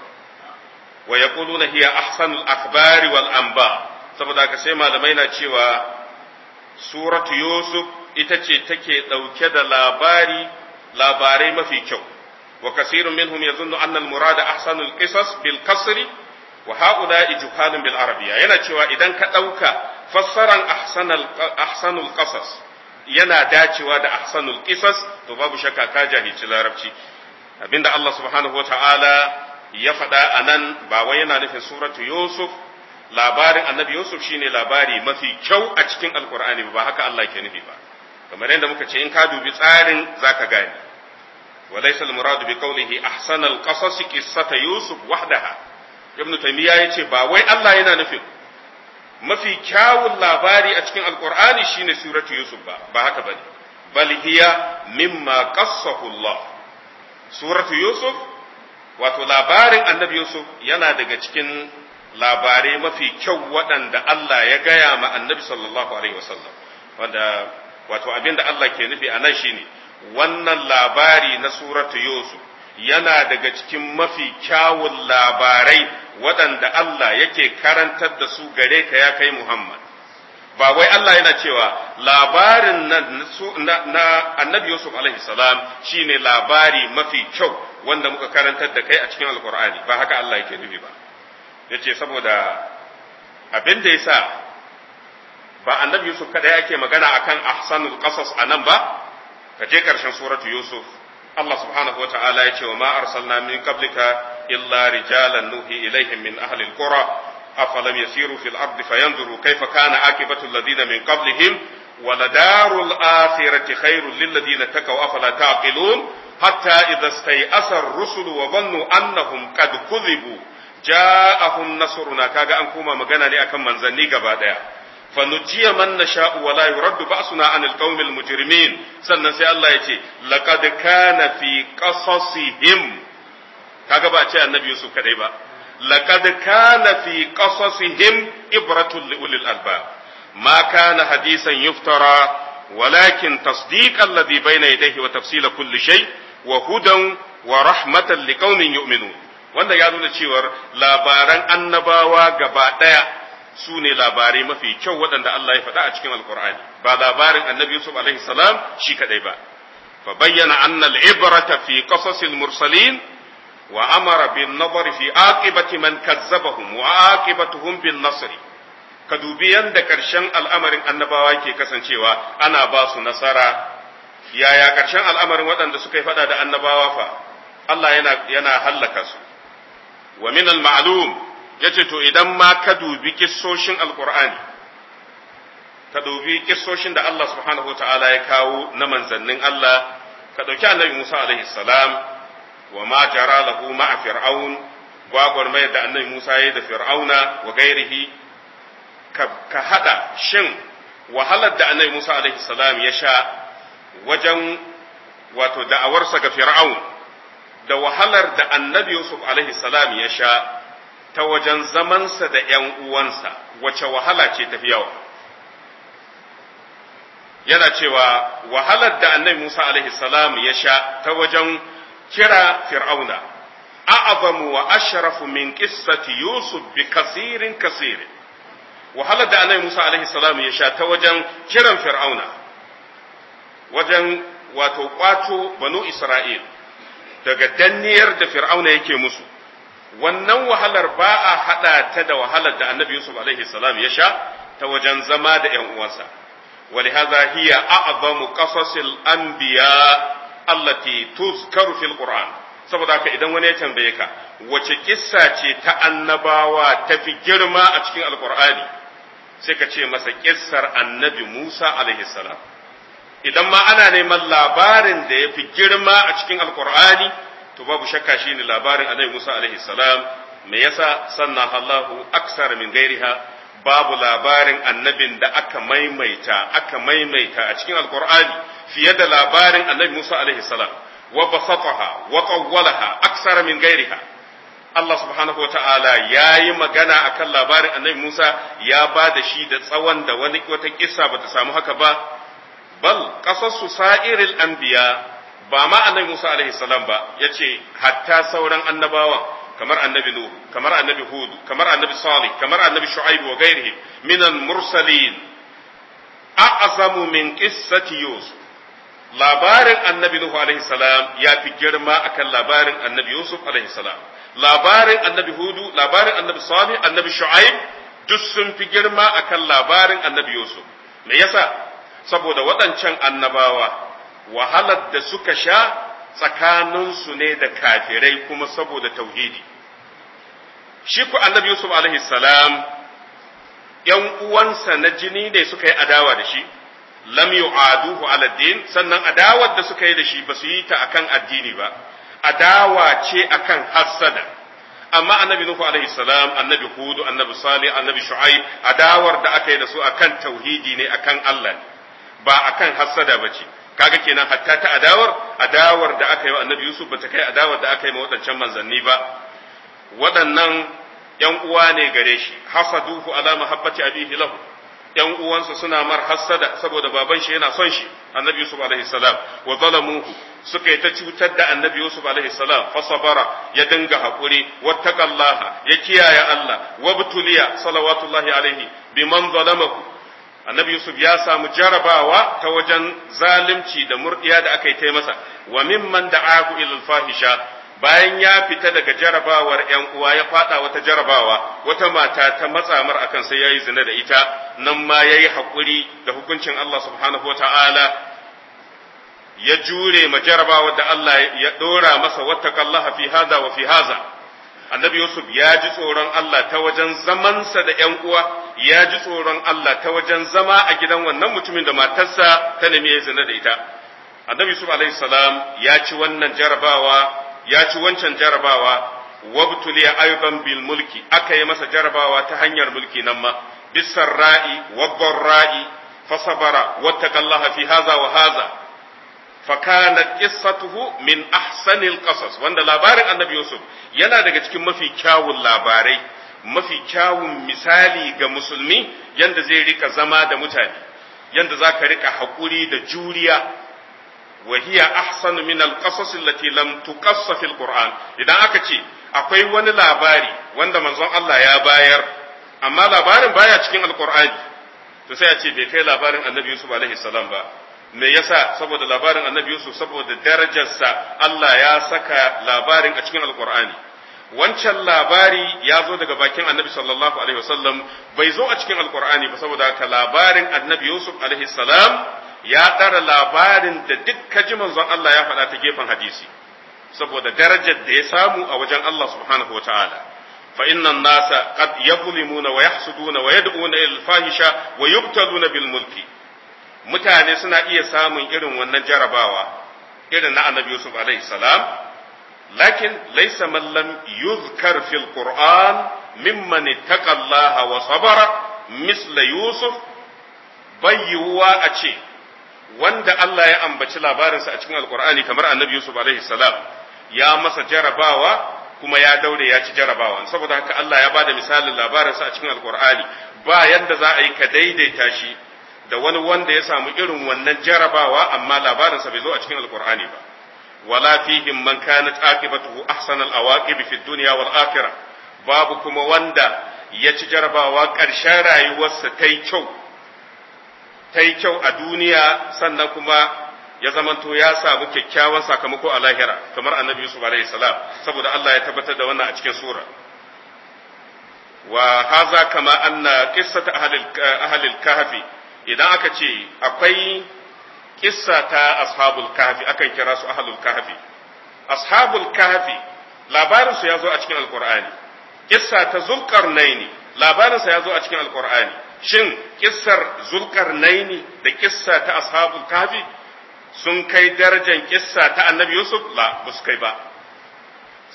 wa yaquluna hiya ahsanul akhbari wal anba saboda haka sai malamai na cewa suratu yusuf ita ce take ɗauke da labari labarai mafi kyau wa kasirun minhum yazunnu anna al-murad ahsanul qisas bil kasri wa haula ijhalun bil arabiyya yana cewa idan ka ɗauka fassaran ahsanul yana dacewa da ahsanul qisas to babu shakka ka jahilci larabci abinda Allah subhanahu wa ta'ala ya faɗa a nan ba wai yana nufin suratu Yusuf labarin annabi Yusuf shine labari mafi kyau a cikin alkur'ani ba haka Allah ke nufi ba kamar yadda muka ce in ka dubi tsarin zaka gane وليس المراد بقوله أحسن القصص Yusuf يوسف وحدها ابن ce ba wai Allah yana نفل mafi kyawun labari a cikin alkur'ani shine suratu yusuf ba ba haka bane bal hiya mimma qassahu Allah suratu yusuf wato labarin annabi yusuf yana daga cikin labarai mafi kyau waɗanda Allah ya gaya ma annabi sallallahu alaihi wasallam wanda wato abinda Allah ke nufi a nan shine wannan labari na suratu yusuf yana daga cikin mafi kyawun labarai waɗanda Allah yake karantar da su gare ka ya kai Muhammad ba wai Allah yana cewa labarin nan na annabi Yusuf alaihi salam shine labari mafi kyau wanda muka karantar da kai a cikin alkur'ani ba haka Allah yake nufi ba yace saboda abin da yasa ba annabi Yusuf kada yake magana akan ahsanul qasas anan ba ka je ƙarshen suratu yusuf Allah subhanahu wata'ala ya ce wa ma arsalna min illa rijalan nuhi ilaihim min ahli alqura afalam yasiru fil ardi fayanzuru kayfa kana akibatu alladhina min qablihim ta الآخرة hatta للذين تقوا asar تعقلون wa إذا annahum الرسل وظنوا أنهم قد kaga an koma magana ne akan manzanni gaba قبادا فنجي من نشاء ولا يرد بأسنا عن القوم المجرمين sannan sai Allah ya ce laqad kana fi qasasihim kaga ba ce annabi Yusuf kadai ba laqad kana fi qasasihim ibratun li ulil albab ma kana hadisan yuftara walakin tasdiq alladhi bayna yi wa tafsila kullishai. shay wa hudan wa rahmatan liqaumin yu'minun wanda ya nuna cewar labaran annabawa gaba daya su ne labarai mafi kyau waɗanda Allah ya faɗa a cikin alkur'ani ba labarin annabi yusuf alaihi salam shi kadai ba fa bayyana anna al-ibrata fi qasasil mursalin wa amara bin nadar fi aqibati man kazzabahum wa aqibatuhum bin nasri ka dubi yanda ƙarshen al'amarin annabawa ke kasancewa ana ba su nasara yaya karshen al'amarin waɗanda suka yi faɗa da annabawa fa Allah yana yana hallaka su wa min al-ma'lum yace to idan ma ka dubi kissoshin alqur'ani ka dubi kissoshin da Allah subhanahu wataala ya kawo na manzannin Allah ka dauki annabi Musa alaihi salam wa ma jara lahu ma'a fir'aun gwagwarmayar da annabi Musa ya da fir'auna wa gairihi ka hada shin wahalar da annabi Musa alaihi salam ya sha wajen wato da'awarsa ga fir'aun da wahalar da annabi Yusuf alaihi salam ya sha ta wajen zamansa da ‘yan uwansa, wace wahala ce tafi yawa. Yana cewa wahalar da annabi Musa alaihi salam ya sha ta wajen kira fir'auna, a'abamu wa ashrafu min qissati Yusuf bi kasirin kasirin. Wahalar da annabi Musa alaihi salam ya sha ta wajen kiran fir'auna, wajen wato kwato banu Isra'il daga danniyar da fir'auna yake musu. wannan wahalar ba a haɗa ta da wahalar da annabi yusuf alaihi salam ya sha ta wajen zama da ‘yan uwansa ولهذا هي أعظم قصص الأنبياء التي تذكر في القرآن saboda haka idan wani ya tambaye ka wace kissa ce ta annabawa ta fi girma a cikin alkur'ani sai ka ce masa kissar annabi musa salam idan ma ana neman labarin da ya fi girma a cikin alkur'ani to babu shakka shine labarin annabi Musa alaihi salam me yasa sanna Allahu aksar min gairiha babu labarin annabin da aka maimaita aka maimaita a cikin alqur'ani fiye da labarin annabi Musa alaihi salam wa basataha wa tawwalaha aksar min gairiha Allah subhanahu wata'ala ya yi magana akan labarin annabi Musa ya ba da shi da tsawon da wani wata kissa bata samu haka ba bal sa'irin sa'iril anbiya ba ma annabi Musa alaihi salam ba yace hatta sauran annabawan kamar annabi Nuhu kamar annabi Hud kamar annabi Salih kamar annabi Shu'aib wa ghairihi min al-mursalin a'zamu min qissati Yusuf labarin annabi Nuhu alaihi salam ya fi girma akan labarin annabi Yusuf alaihi salam labarin annabi Hudu labarin annabi Salih annabi Shu'aib duk sun fi girma akan labarin annabi Yusuf me yasa saboda waɗancan annabawa wahalar da suka sha tsakaninsu ne da kafirai kuma saboda tauhidi shi ku annabi yusuf alaihi salam yan uwansa na jini ne suka yi adawa da shi lam yu'aduhu ala sannan adawar da suka yi da shi ba su yi ta akan addini ba adawa ce akan hassada amma annabi nuhu alaihi salam annabi hudu annabi salih annabi shu'aib adawar da aka yi da su akan tauhidi ne akan Allah ba akan hassada ba ce kaga kenan hatta ta adawar adawar da aka yi wa annabi yusuf ba kai adawar da aka yi waɗancan manzanni ba waɗannan ‘yan uwa ne gare shi hasaduhu ala mahabbati abihi lahu ‘yan uwansa suna mar hassada saboda baban shi yana son shi annabi yusuf alaihi salam wa zalamuhu suka yi ta cutar da annabi yusuf alaihi salam fasabara ya dinga haƙuri wattaqallaha ya kiyaye Allah wa butuliya salawatullahi alaihi biman zalamahu annabi yusuf ya samu jarabawa ta wajen zalunci da murdiya da aka yi ta masa wa mimman da'ahu ilal fahisha bayan ya fita daga jarabawar ‘yan uwa ya fada wata jarabawa wata mata ta matsamar akan sai ya yi zina da ita nan ma ya yi haƙuri da hukuncin Allah subhanahu wata'ala ta'ala ya jure ma jarabawar da Allah ya ɗora masa wata kallaha fi haza wa fi haza annabi Yusuf ya ji tsoron Allah ta wajen zamansa da ‘yan uwa, ya ji tsoron Allah ta wajen zama a gidan wannan mutumin da matarsa ta nemi ya zina da ita. Annabi Yusuf salam ya ci wannan jarabawa, ya ci wancan jarabawa, wabtuliya ayuban bil mulki, aka yi masa jarabawa ta hanyar mulki nan ma, bisan ra'i, wabban ra'i, fasabara, wattakallaha fi haza wa haza, fakana qissatuhu min ahsanil qasas wanda labarin annabi yusuf yana daga cikin mafi kyawun labarai mafi kyawun misali ga musulmi yanda zai rika zama da mutane yanda ka rika haƙuri da juriya wa hiya ahsanu min alqasas allati lam tuqassa fil qur'an idan aka ce akwai wani labari wanda manzon Allah ya bayar amma labarin baya cikin alqur'ani to sai a ce bai kai labarin annabi yusuf alaihi salam ba me yasa saboda labarin annabi Yusuf saboda darajarsa Allah ya saka labarin a cikin alkur'ani wancan labari ya zo daga bakin annabi sallallahu alaihi wasallam bai zo a cikin alkur'ani ba saboda haka labarin annabi Yusuf alaihi salam ya ɗara labarin da dukka ji manzon Allah ya faɗa ta gefen hadisi saboda darajar da ya samu a wajen Allah subhanahu wa ta'ala wa الناس wa يظلمون ويحسدون ويدعون wa الفاحشة ويبتلون بالملك mutane suna iya samun irin wannan jarabawa irin na annabi yusuf alaihi salam lakin laysa man lam yuzkar fil qur'an mimman ittaqallaha wa sabara misla yusuf bayyuwa a ce wanda Allah ya ambaci labarinsa a cikin alqur'ani kamar annabi yusuf alaihi salam ya masa jarabawa kuma ya daure ya ci jarabawa saboda haka Allah ya bada misalin labarinsa a cikin alqur'ani ba yanda za a yi ka daidaita shi da wani wanda ya samu irin wannan jarabawa amma labarinsa bai zo a cikin alkur'ani ba wala fihim man kanat aqibatuhu ahsana al-awaqib fi dunya wal akhirah babu kuma wanda ya ci jarabawa ƙarshen rayuwarsa ta yi kyau ta yi kyau a duniya sannan kuma ya zamanto ya samu kyakkyawan sakamako a lahira kamar annabi yusuf alaihi salam saboda Allah ya tabbatar da wannan a cikin sura wa haza kama anna qissata ahli ahli al-kahfi idan aka ce akwai kissa ta ashabul kahfi akan kira su ahlul kahfi ashabul kahfi labarin su yazo a cikin alqur'ani kissa ta zulqarnaini labarin sa yazo a cikin alqur'ani shin kissar zulqarnaini da kissa ta ashabul kahfi sun kai darajar kissa ta annabi yusuf la bus kai ba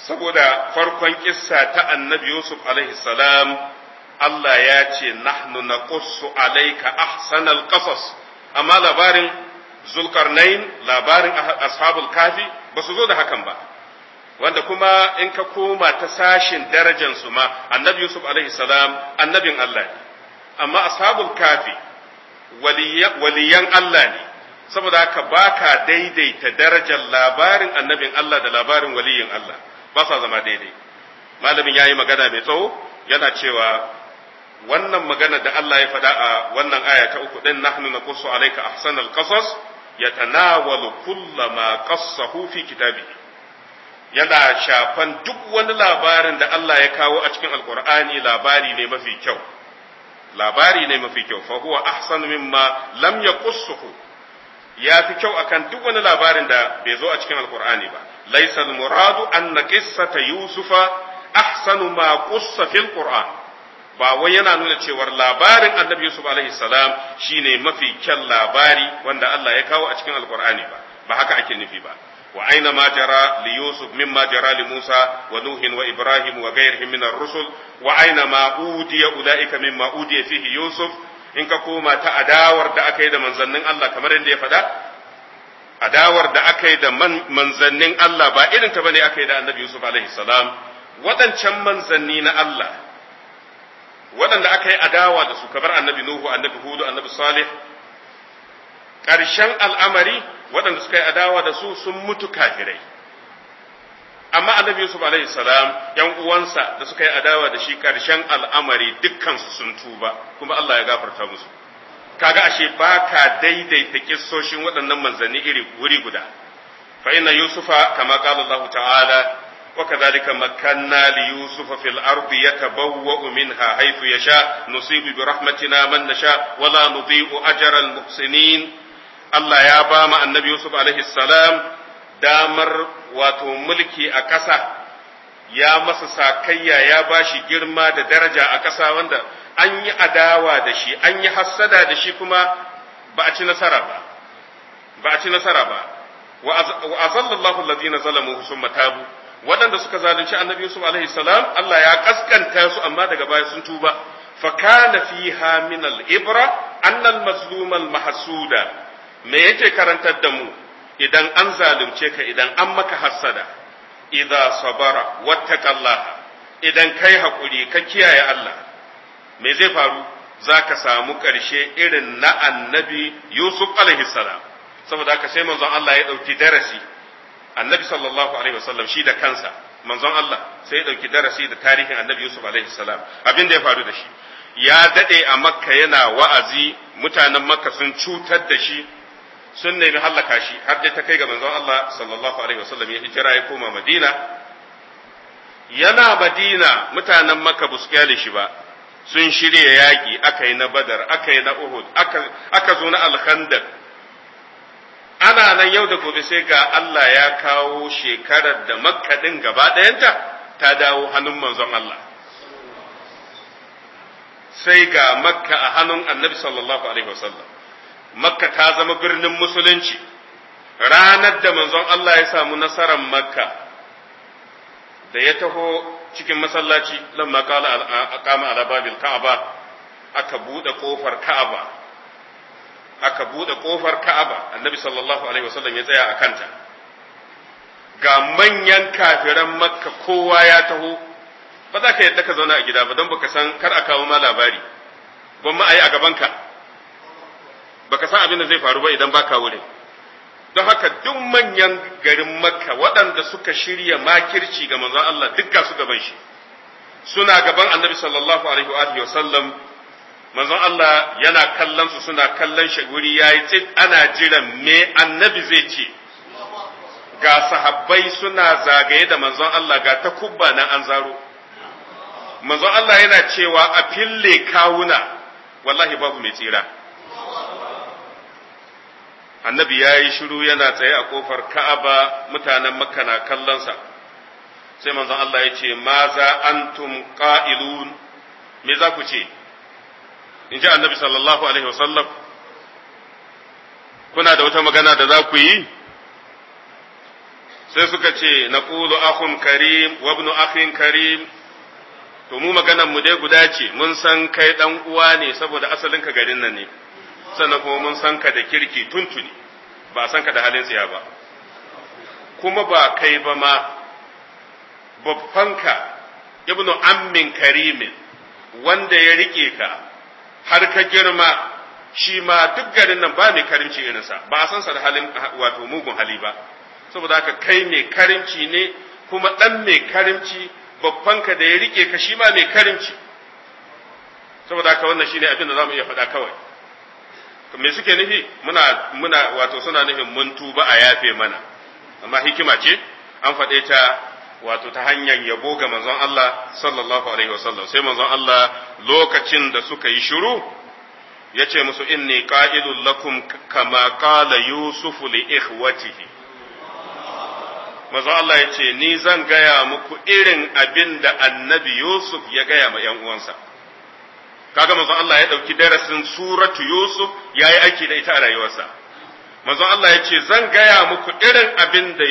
saboda farkon kissa ta annabi yusuf alaihi salam Allah ya ce nahnu naqussu alaika ahsanal qasas amma labarin zulkarnain labarin ah- ashabul kafi ba su zo da hakan ba wanda kuma in ka koma ta sashin darajar su ma annabi yusuf alaihi salam annabin Allah ne amma ashabul kafi waliyan Allah ne saboda haka baka daidaita darajar labarin annabin Allah da labarin waliyin Allah ba sa zama daidai malamin yayi magana mai tsawo yana cewa wannan magana da Allah ya faɗa a wannan aya ta uku ɗin nahnu naqussu alayka ahsanal qasas kulla ma qassahu fi kitabi. yana shafan duk wani labarin da Allah ya kawo a cikin alqur'ani labari ne mafi kyau labari ne mafi kyau fa huwa ahsanu mimma lam yaqussuhu ya fi kyau akan duk wani labarin da bai zo a cikin alqur'ani ba laysa al-muradu anna qissata yusufa ahsanu ma qussa fil qur'an ba wai yana nuna cewar labarin annabi Yusuf alaihi salam shine mafi kyan labari wanda Allah ya kawo a cikin alkur'ani ba ba haka ake nufi ba wa aina ma jara li yusuf mimma jara li musa wa nuhin wa ibrahim wa ghayrihim min ar-rusul wa aina ma udiya ulaika mimma udiya fihi yusuf in ka koma ta adawar da aka yi da manzannin Allah kamar yadda ya faɗa adawar da aka yi da manzannin Allah ba irin ta bane aka yi da annabi Yusuf alaihi salam waɗancan manzanni na Allah waɗanda aka yi adawa da su kamar annabi Nuhu, annabi Hudu, annabi Salih, ƙarshen al'amari waɗanda suka yi adawa da su sun mutu kafirai. Amma annabi Yusuf alaihi salam ‘yan uwansa da suka yi adawa da shi ƙarshen al'amari dukkansu sun tuba, kuma Allah ya gafarta musu. Kaga ashe ba ka daidaita kissoshin waɗannan manzanni iri wuri guda. Fa'ina Yusufa kama ƙala ta'ala وكذلك مكنا ليوسف في الأرض يتبوأ منها حيث يشاء نصيب برحمتنا من نشاء ولا نضيء أجر المحسنين الله يا بام النبي يوسف عليه السلام دامر واتو ملكي أكسا يا مسسا كيا يا باشي جرما دا درجة أكسا وندا an yi adawa da shi an yi hassada da shi kuma ba a ci nasara ba ba a ci nasara ba wa azallallahu alladhina zalamu summa tabu waɗanda suka zalunci annabi Yusuf alaihi salam Allah ya kaskanta su amma daga baya sun tuba fa kana fiha min al ibra anna al mazlum al mahsuda me yake karantar da mu idan an zalunce ka idan an maka hassada idza sabara wattaqallaha idan kai hakuri ka kiyaye Allah me zai faru zaka samu ƙarshe irin na annabi Yusuf alaihi salam saboda haka sai manzon Allah ya ɗauki darasi annabi sallallahu alaihi wasallam shi da kansa manzon Allah sai ya dauki darasi da tarihin annabi Yusuf alaihi salam abin da ya faru da shi ya dade a makka yana wa'azi mutanen makka sun cutar da shi sun nemi hallaka shi har dai ta kai ga manzon Allah sallallahu alaihi wasallam ya hijira ya koma Madina yana Madina mutanen makka ba su kyale shi ba sun shirya yaƙi aka yi na badar aka yi na uhud aka zo na alkhandar ana nan yau da gobe sai ga Allah ya kawo shekarar da makka din gaba ɗayanta ta dawo hannun manzon Allah sai ga makka a hannun annabi sallallahu alaihi wasallam makka ta zama birnin musulunci ranar da manzon Allah ya samu nasarar makka da ya taho cikin masallaci lamma qala aqama ala babil ka'aba aka buɗe ƙofar ka'aba aka bude kofar Ka'aba annabi sallallahu alaihi wasallam ya tsaya a kanta ga manyan kafiran Makka kowa ya taho ba za ka yadda ka zauna a gida ba don baka san kar a kawo ma labari ban a yi a gabanka baka san abin da zai faru ba idan ba ka wurin don haka duk manyan garin Makka waɗanda suka shirya makirci ga manzon Allah duk ga su gaban shi suna gaban annabi sallallahu alaihi wa sallam manzon Allah yana kallon su suna kallon shi guri yayi tsit ana jiran me annabi zai ce ga sahabbai suna zagaye da manzon Allah ga ta kubba nan an zaro manzon Allah yana cewa a fille kawuna wallahi babu mai tsira annabi ya yi shiru yana tsaye a kofar ka'aba mutanen makka na kallonsa sai manzon Allah ya ce ma za antum qa'ilun me za ku ce in ji annabi sallallahu alaihi wasallam kuna da wata magana da za ku yi sai suka ce na ƙulu akhun karim wabnu akhin karim to mu maganan mu dai guda ce mun san kai dan uwa ne saboda asalin ka garin nan ne sannan kuma mun san ka da kirki tuntuni ba san ka da halin tsiya ba kuma ba kai ba ma ka. ibnu ammin karimin wanda ya rike ka har ka girma shi ma duk garin nan ba mai karimci irinsa ba a san sa da halin wato mugun hali ba saboda haka kai mai karimci ne kuma dan mai karimci babban ka da ya rike ka shi ma mai karimci saboda haka wannan shine abin da zamu iya faɗa kawai me suke nufi muna muna wato suna nufin mun tuba a yafe mana amma hikima ce an faɗe ta wato ta hanyar yabo ga manzon Allah sallallahu alaihi wasallam sai manzon Allah lokacin da suka yi shiru ya ce musu inni ƙa'idun lakum kama ƙala yusufu li ikhwatihi maza Allah ya ce ni zan gaya muku irin abin da annabi yusuf ya gaya ma uwansa kaga maza Allah ya ɗauki darasin suratu yusuf ya yi aiki da ita a rayuwarsa maza Allah ya ce zan gaya muku irin abin da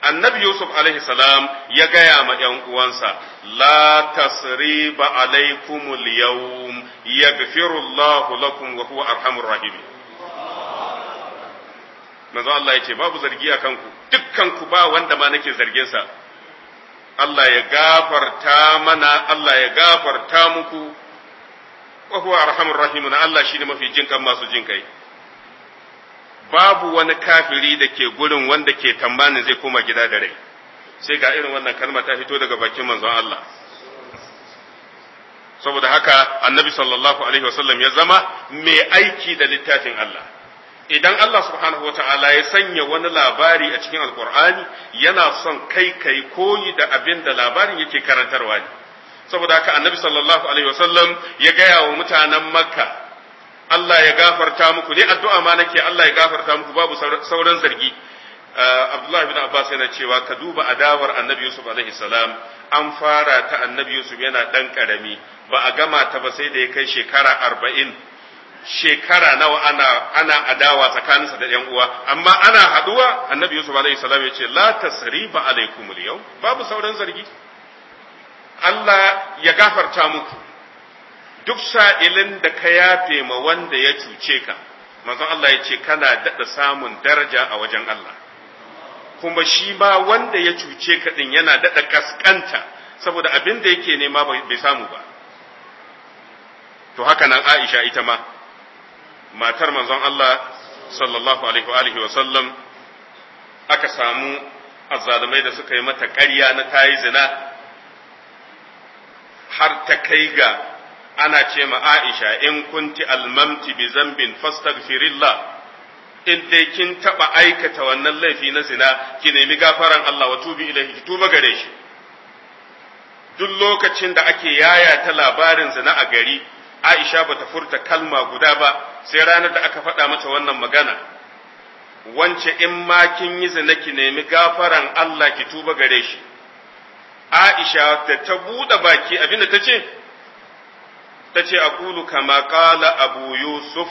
annabi yusuf alaihi salam ya gaya ma ‘yan uwansa la tasriba alaikumul yawm yaghfirullahu lakum wa huwa arhamur rahim manzo Allah ya ce babu zargi a kanku dukkan ba wanda ma nake zargin sa Allah ya gafarta mana Allah ya gafarta muku wa huwa arhamur rahim na Allah shi ne mafi jinkan masu jinkai babu wani kafiri da ke gurin wanda ke tambanin zai koma gida da rai sai ga irin wannan kalma ta fito daga bakin manzon Allah saboda haka annabi sallallahu alaihi wasallam ya zama mai aiki da littafin Allah idan Allah subhanahu wa ya sanya wani labari a cikin alkur'ani yana son kai kai koyi da abin da labarin yake karantarwa ne saboda haka annabi sallallahu alaihi wasallam ya gaya wa mutanen makka Allah ya gafarta muku ne addu'a ma nake Allah ya gafarta muku babu sauran zargi uh, Abdullahi bin Abbas yana cewa ka duba adawar Annabi Yusuf alaihi salam an fara ta Annabi Yusuf yana dan karami ba a gama ta ba sai da ya kai shekara arba'in shekara nawa ana ana adawa tsakaninsa da yan uwa amma ana haduwa Annabi Yusuf alaihi salam ya ce la tasriba alaikum al babu sauran zargi Allah ya gafarta muku duk sa'ilin da ka yafe ma wanda ya cuce ka manzon Allah ya ce kana daɗa samun daraja a wajen Allah kuma shi ma wanda ya cuce ka ɗin yana daɗa ƙasƙanta, saboda abin da yake nema bai samu ba to haka nan Aisha ita ma matar manzon Allah sallallahu alaihi wa sallam aka samu azzalumai da suka yi mata ƙarya na tayi zina har ta kai ga ana ce ma Aisha in kunti almamti bi zambin fastaghfirillah in dai kin taba aikata wannan laifi na zina ki nemi gafaran Allah wa tubi ilaihi ki tuba gare shi duk lokacin da ake yaya ta labarin zina a gari Aisha bata furta kalma guda ba sai ranar da aka faɗa mata wannan magana wance in ma kin yi zina ki nemi gafaran Allah ki tuba gare shi Aisha da ta buɗe baki abinda ta ce ta ce aqulu kama qala abu yusuf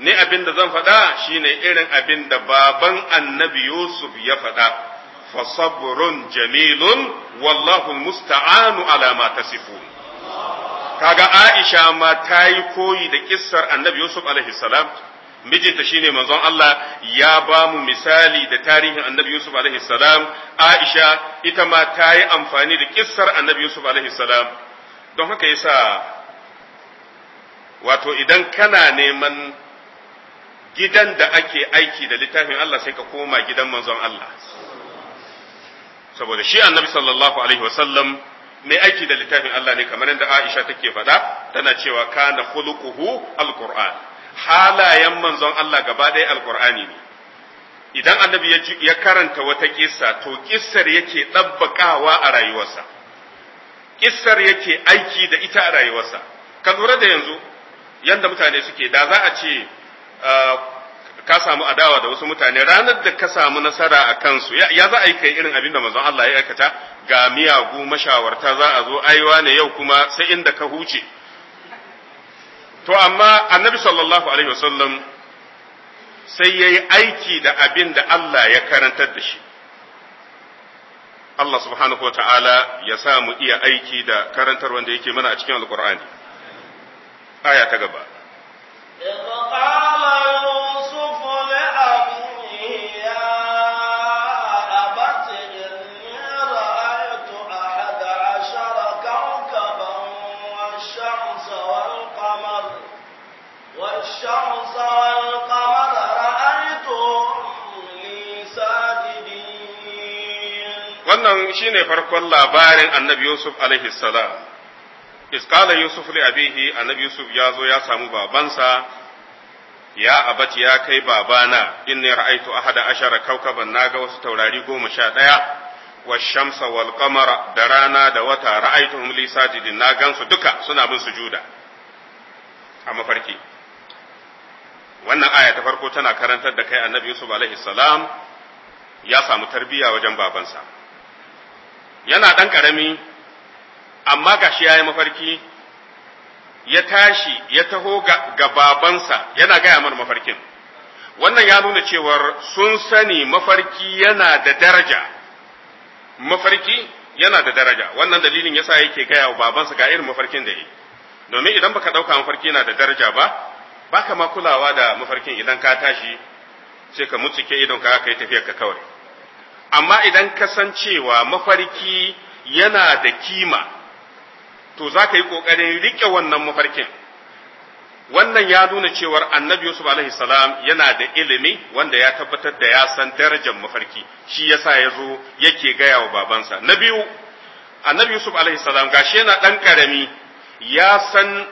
ni abin da zan faɗa shine irin abin da baban annabi yusuf ya faɗa fa sabrun jamilun wallahu musta'anu ala ma tasifun kaga aisha ma ta yi koyi da kissar annabi yusuf alaihi salam mijinta shine manzon Allah ya ba mu misali da tarihin annabi Yusuf alaihi salam Aisha ita ma ta yi amfani da kissar annabi Yusuf alaihi salam don haka yasa wato idan kana neman gidan da ake aiki da littafin Allah sai ka koma gidan manzon Allah saboda shi annabi sallallahu alaihi wasallam mai aiki da littafin Allah ne kamar yadda Aisha take faɗa tana cewa kana khuluquhu alquran halayen manzon Allah gaba ɗaya alqur'ani ne idan annabi ya karanta wata kissa to kissar yake ɗabbaƙawa a rayuwarsa kissar yake aiki da ita a rayuwarsa ka lura da yanzu yanda mutane suke da za a ce uh, ka samu adawa da wasu mutane ranar da ka samu nasara a kansu ya za a yi kai irin abin da manzon Allah ya aikata ga miyagu mashawarta za a zo aiwa ne yau kuma sai inda ka huce to amma annabi sallallahu alaihi wasallam sai yayi aiki da abin da Allah ya karantar da shi Allah subhanahu wa ta'ala ya samu iya aiki da karantar wanda yake mana a cikin alkur'ani aya ta gaba والشمس والقمر رأيتهم wannan shine farkon labarin annabi Yusuf alaihi salam iskala yusuf li abihi annabi yusuf ya zo ya samu babansa ya abati ya kai babana inni ra'aytu ahada ashara kawkaban naga wasu taurari goma sha ɗaya wa shamsa wal qamara da rana da wata hum li sajidin na gansu duka suna bin sujuda a mafarki wannan aya ta farko tana karantar da kai annabi yusuf alaihi salam ya samu tarbiya wajen babansa yana dan karami amma ga shi ya yi mafarki ya tashi ya taho ga babansa yana gaya mana mafarkin wannan ya nuna cewar sun sani mafarki yana da daraja mafarki yana da daraja wannan dalilin yasa yake gaya wa babansa ga irin mafarkin da yi domin idan baka ɗauka mafarki yana da daraja ba baka ma kulawa da mafarkin idan ka tashi sai ka ke idon ka kai tafiyar ka kawai amma idan ka san cewa mafarki yana da kima to za ka yi ƙoƙarin riƙe wannan mafarkin wannan ya nuna cewar annabi yusuf alaihi salam yana da ilimi wanda ya tabbatar da ya san darajar mafarki shi yasa ya zo yake gaya wa babansa na biyu annabi yusuf alaihi salam gashi yana ɗan ƙarami ya san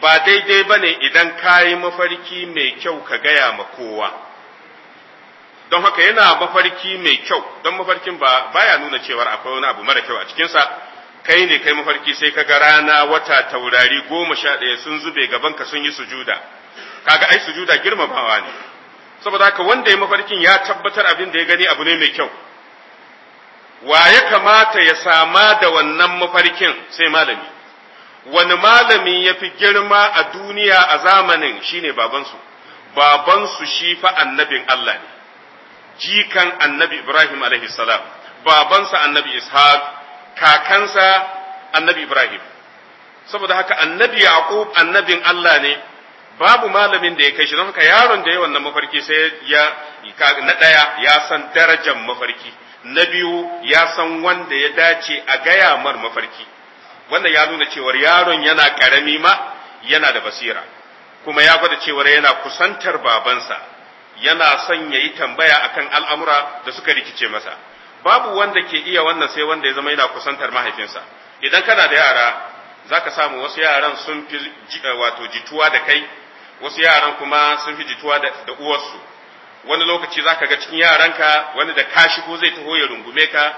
ba daidai ba ne idan ka yi mafarki mai kyau ka gaya ma kowa don haka yana mafarki mai kyau don mafarkin ba baya nuna cewar akwai wani abu mara kyau a cikinsa kai ne kai mafarki sai kaga rana wata taurari goma sha ɗaya sun zube gaban ka sun yi sujuda kaga ai sujuda girmamawa ne saboda haka wanda ya mafarkin ya tabbatar abin da ya gani abu ne mai kyau wa ya kamata ya sama da wannan mafarkin sai malami wani malami ya fi girma a duniya a zamanin shine babansu babansu shi fa annabin Allah ne jikan annabi Ibrahim alaihi salam babansa annabi Ishaq kakansa annabi Ibrahim saboda haka annabi Yaqub annabin Allah ne babu malamin da ya kai shi don haka yaron da ya wannan mafarki sai ya na daya ya san darajar mafarki na biyu ya san wanda ya dace a gaya mar mafarki wannan ya nuna cewar yaron yana karami ma yana da basira kuma ya gwada cewar yana kusantar babansa yana son ya yi tambaya akan al'amura da suka rikice masa babu wanda ke iya wannan sai wanda ya zama yana kusantar mahaifinsa idan kana da yara za ka samu wasu yaran sun fi eh, wato jituwa da kai wasu yaran kuma sun fi jituwa da, uwarsu wani lokaci za ka ga cikin yaranka wani da ka shigo zai taho ya rungume ka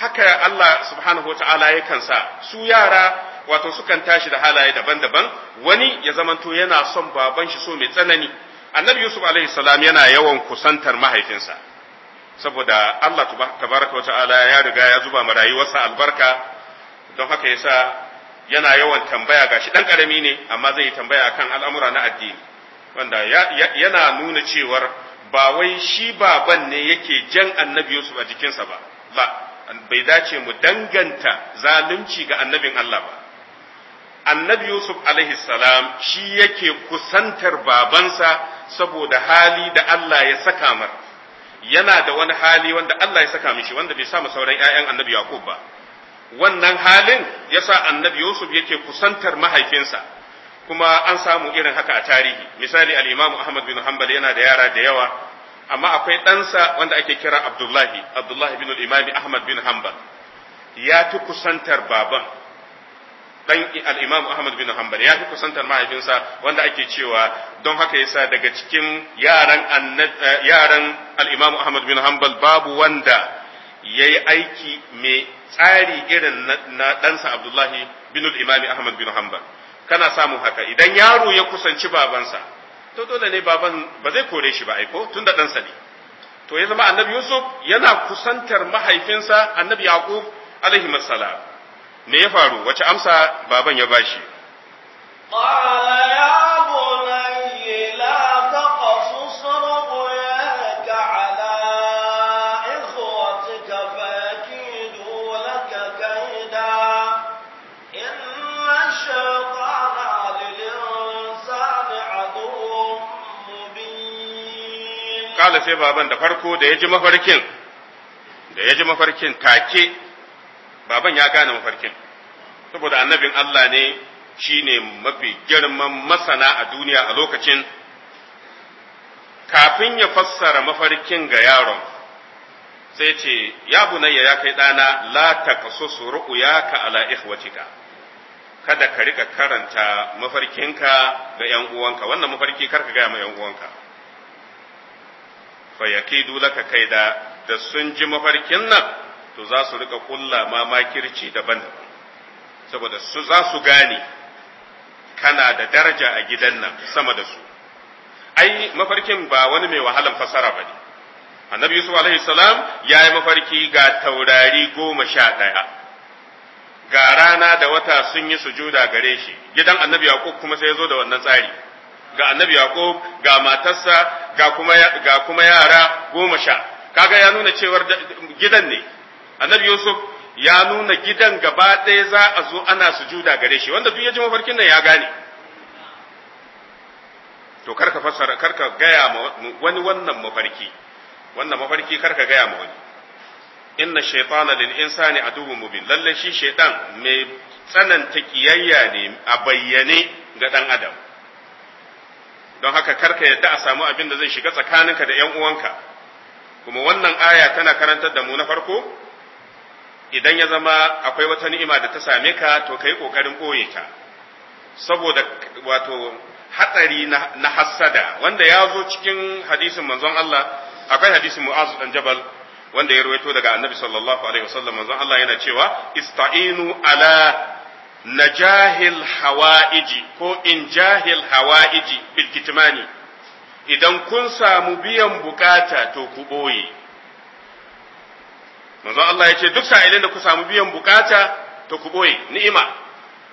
haka Allah subhanahu wata'ala yakan sa su yara wato sukan tashi da halaye daban-daban wani ya zamanto yana son baban shi so mai tsanani annabi yusuf alaihi salam yana yawan kusantar mahaifinsa saboda Allah tabaraka wa ta'ala ya riga ya zuba ma rayuwarsa albarka don haka yasa yana yawan tambaya gashi dan karami ne amma zai yi tambaya akan al'amura na addini wanda yana nuna cewar ba wai shi baban ne yake jan annabi Yusuf a jikinsa ba la bai dace mu danganta zalunci ga annabin Allah ba annabi Yusuf alaihi salam shi yake kusantar babansa saboda hali da Allah ya saka mar yana da wani hali wanda Allah ya saka mishi wanda bai samu sauran ƴaƴan annabi Yaqub ba wannan halin yasa annabi Yusuf yake kusantar mahaifinsa kuma an samu irin haka a tarihi misali al-Imam Ahmad bin Hanbal yana da yara da yawa amma akwai ɗansa wanda ake kira Abdullahi Abdullahi bin al-Imam Ahmad bin Hanbal ya fi kusantar baban dan al'imam Ahmad bin Hanbal ya fi kusantar mahaifinsa wanda ake cewa don haka yasa daga cikin yaran eh, al'imam Ahmad bin Hanbal babu wanda yayi aiki mai tsari irin na ɗansa Abdullahi bin imami Ahmad bin Hanbal kana samun haka idan yaro ya kusanci babansa to dole ne baban ba zai kore shi ba aiko tunda ɗansa ne to ya zama annabi Yusuf yana kusantar mahaifinsa annabi Yaqub alaihi salam me ya faru wace amsa baban ya bashi qala ya bunayya la taqasus ru'yaka ala ikhwatika fakidu laka kaida inna shaytana lil insani aduwwun mubin qala sai baban da farko da yaji mafarkin da yaji mafarkin take baban ya gane mafarkin saboda annabin Allah ne shine mafi girman masana a duniya a lokacin kafin ya fassara mafarkin ga yaron sai ce ya bunayya ya kai ɗana la ya ka ala ikhwatika kada ka rika karanta mafarkinka ga ‘yan uwanka, wannan mafarki kar ka gaya ma ‘yan uwanka. Fayakidu laka kai da sun ji mafarkin nan to za su rika kulla ma makirci daban saboda su za su gane kana da daraja a gidan nan sama da su ai mafarkin ba wani mai wahalan fasara ba ne annabi yusuf alaihi salam ya yi mafarki ga taurari goma sha ɗaya ga rana da wata sun yi sujuda gare shi gidan annabi yaqub kuma sai ya zo da wannan tsari ga annabi yaqub ga matarsa ga kuma ga kuma yara goma sha kaga ya nuna cewar gidan ne annabi yusuf ya nuna gidan gaba ɗaya za a zo ana sujuda gare shi wanda duk ya ji mafarkin nan ya gane to karka fassara karka gaya ma wani wannan mafarki wannan mafarki karka gaya ma wani inna shaytana lil insani aduwwu mubin lalle shi shaytan mai tsananta kiyayya ne a bayyane ga dan adam don haka karka yadda a samu abin da zai shiga tsakaninka da yan uwanka kuma wannan aya tana karantar da mu na farko idan ya zama akwai wata ni'ima da ta same ka to kai kokarin ɓoye ta saboda wato hatsari na hassada wanda ya zo cikin hadisin manzon Allah akwai hadisin Mu'az dan Jabal wanda ya ruwaito daga Annabi sallallahu alaihi wasallam manzon Allah yana cewa ista'inu ala najahil hawaiji ko in jahil hawaiji bil kitmani idan kun samu biyan bukata to ku boye manzo Allah ya ce duk sa'ilin da ku samu biyan bukata to ku boye ni'ima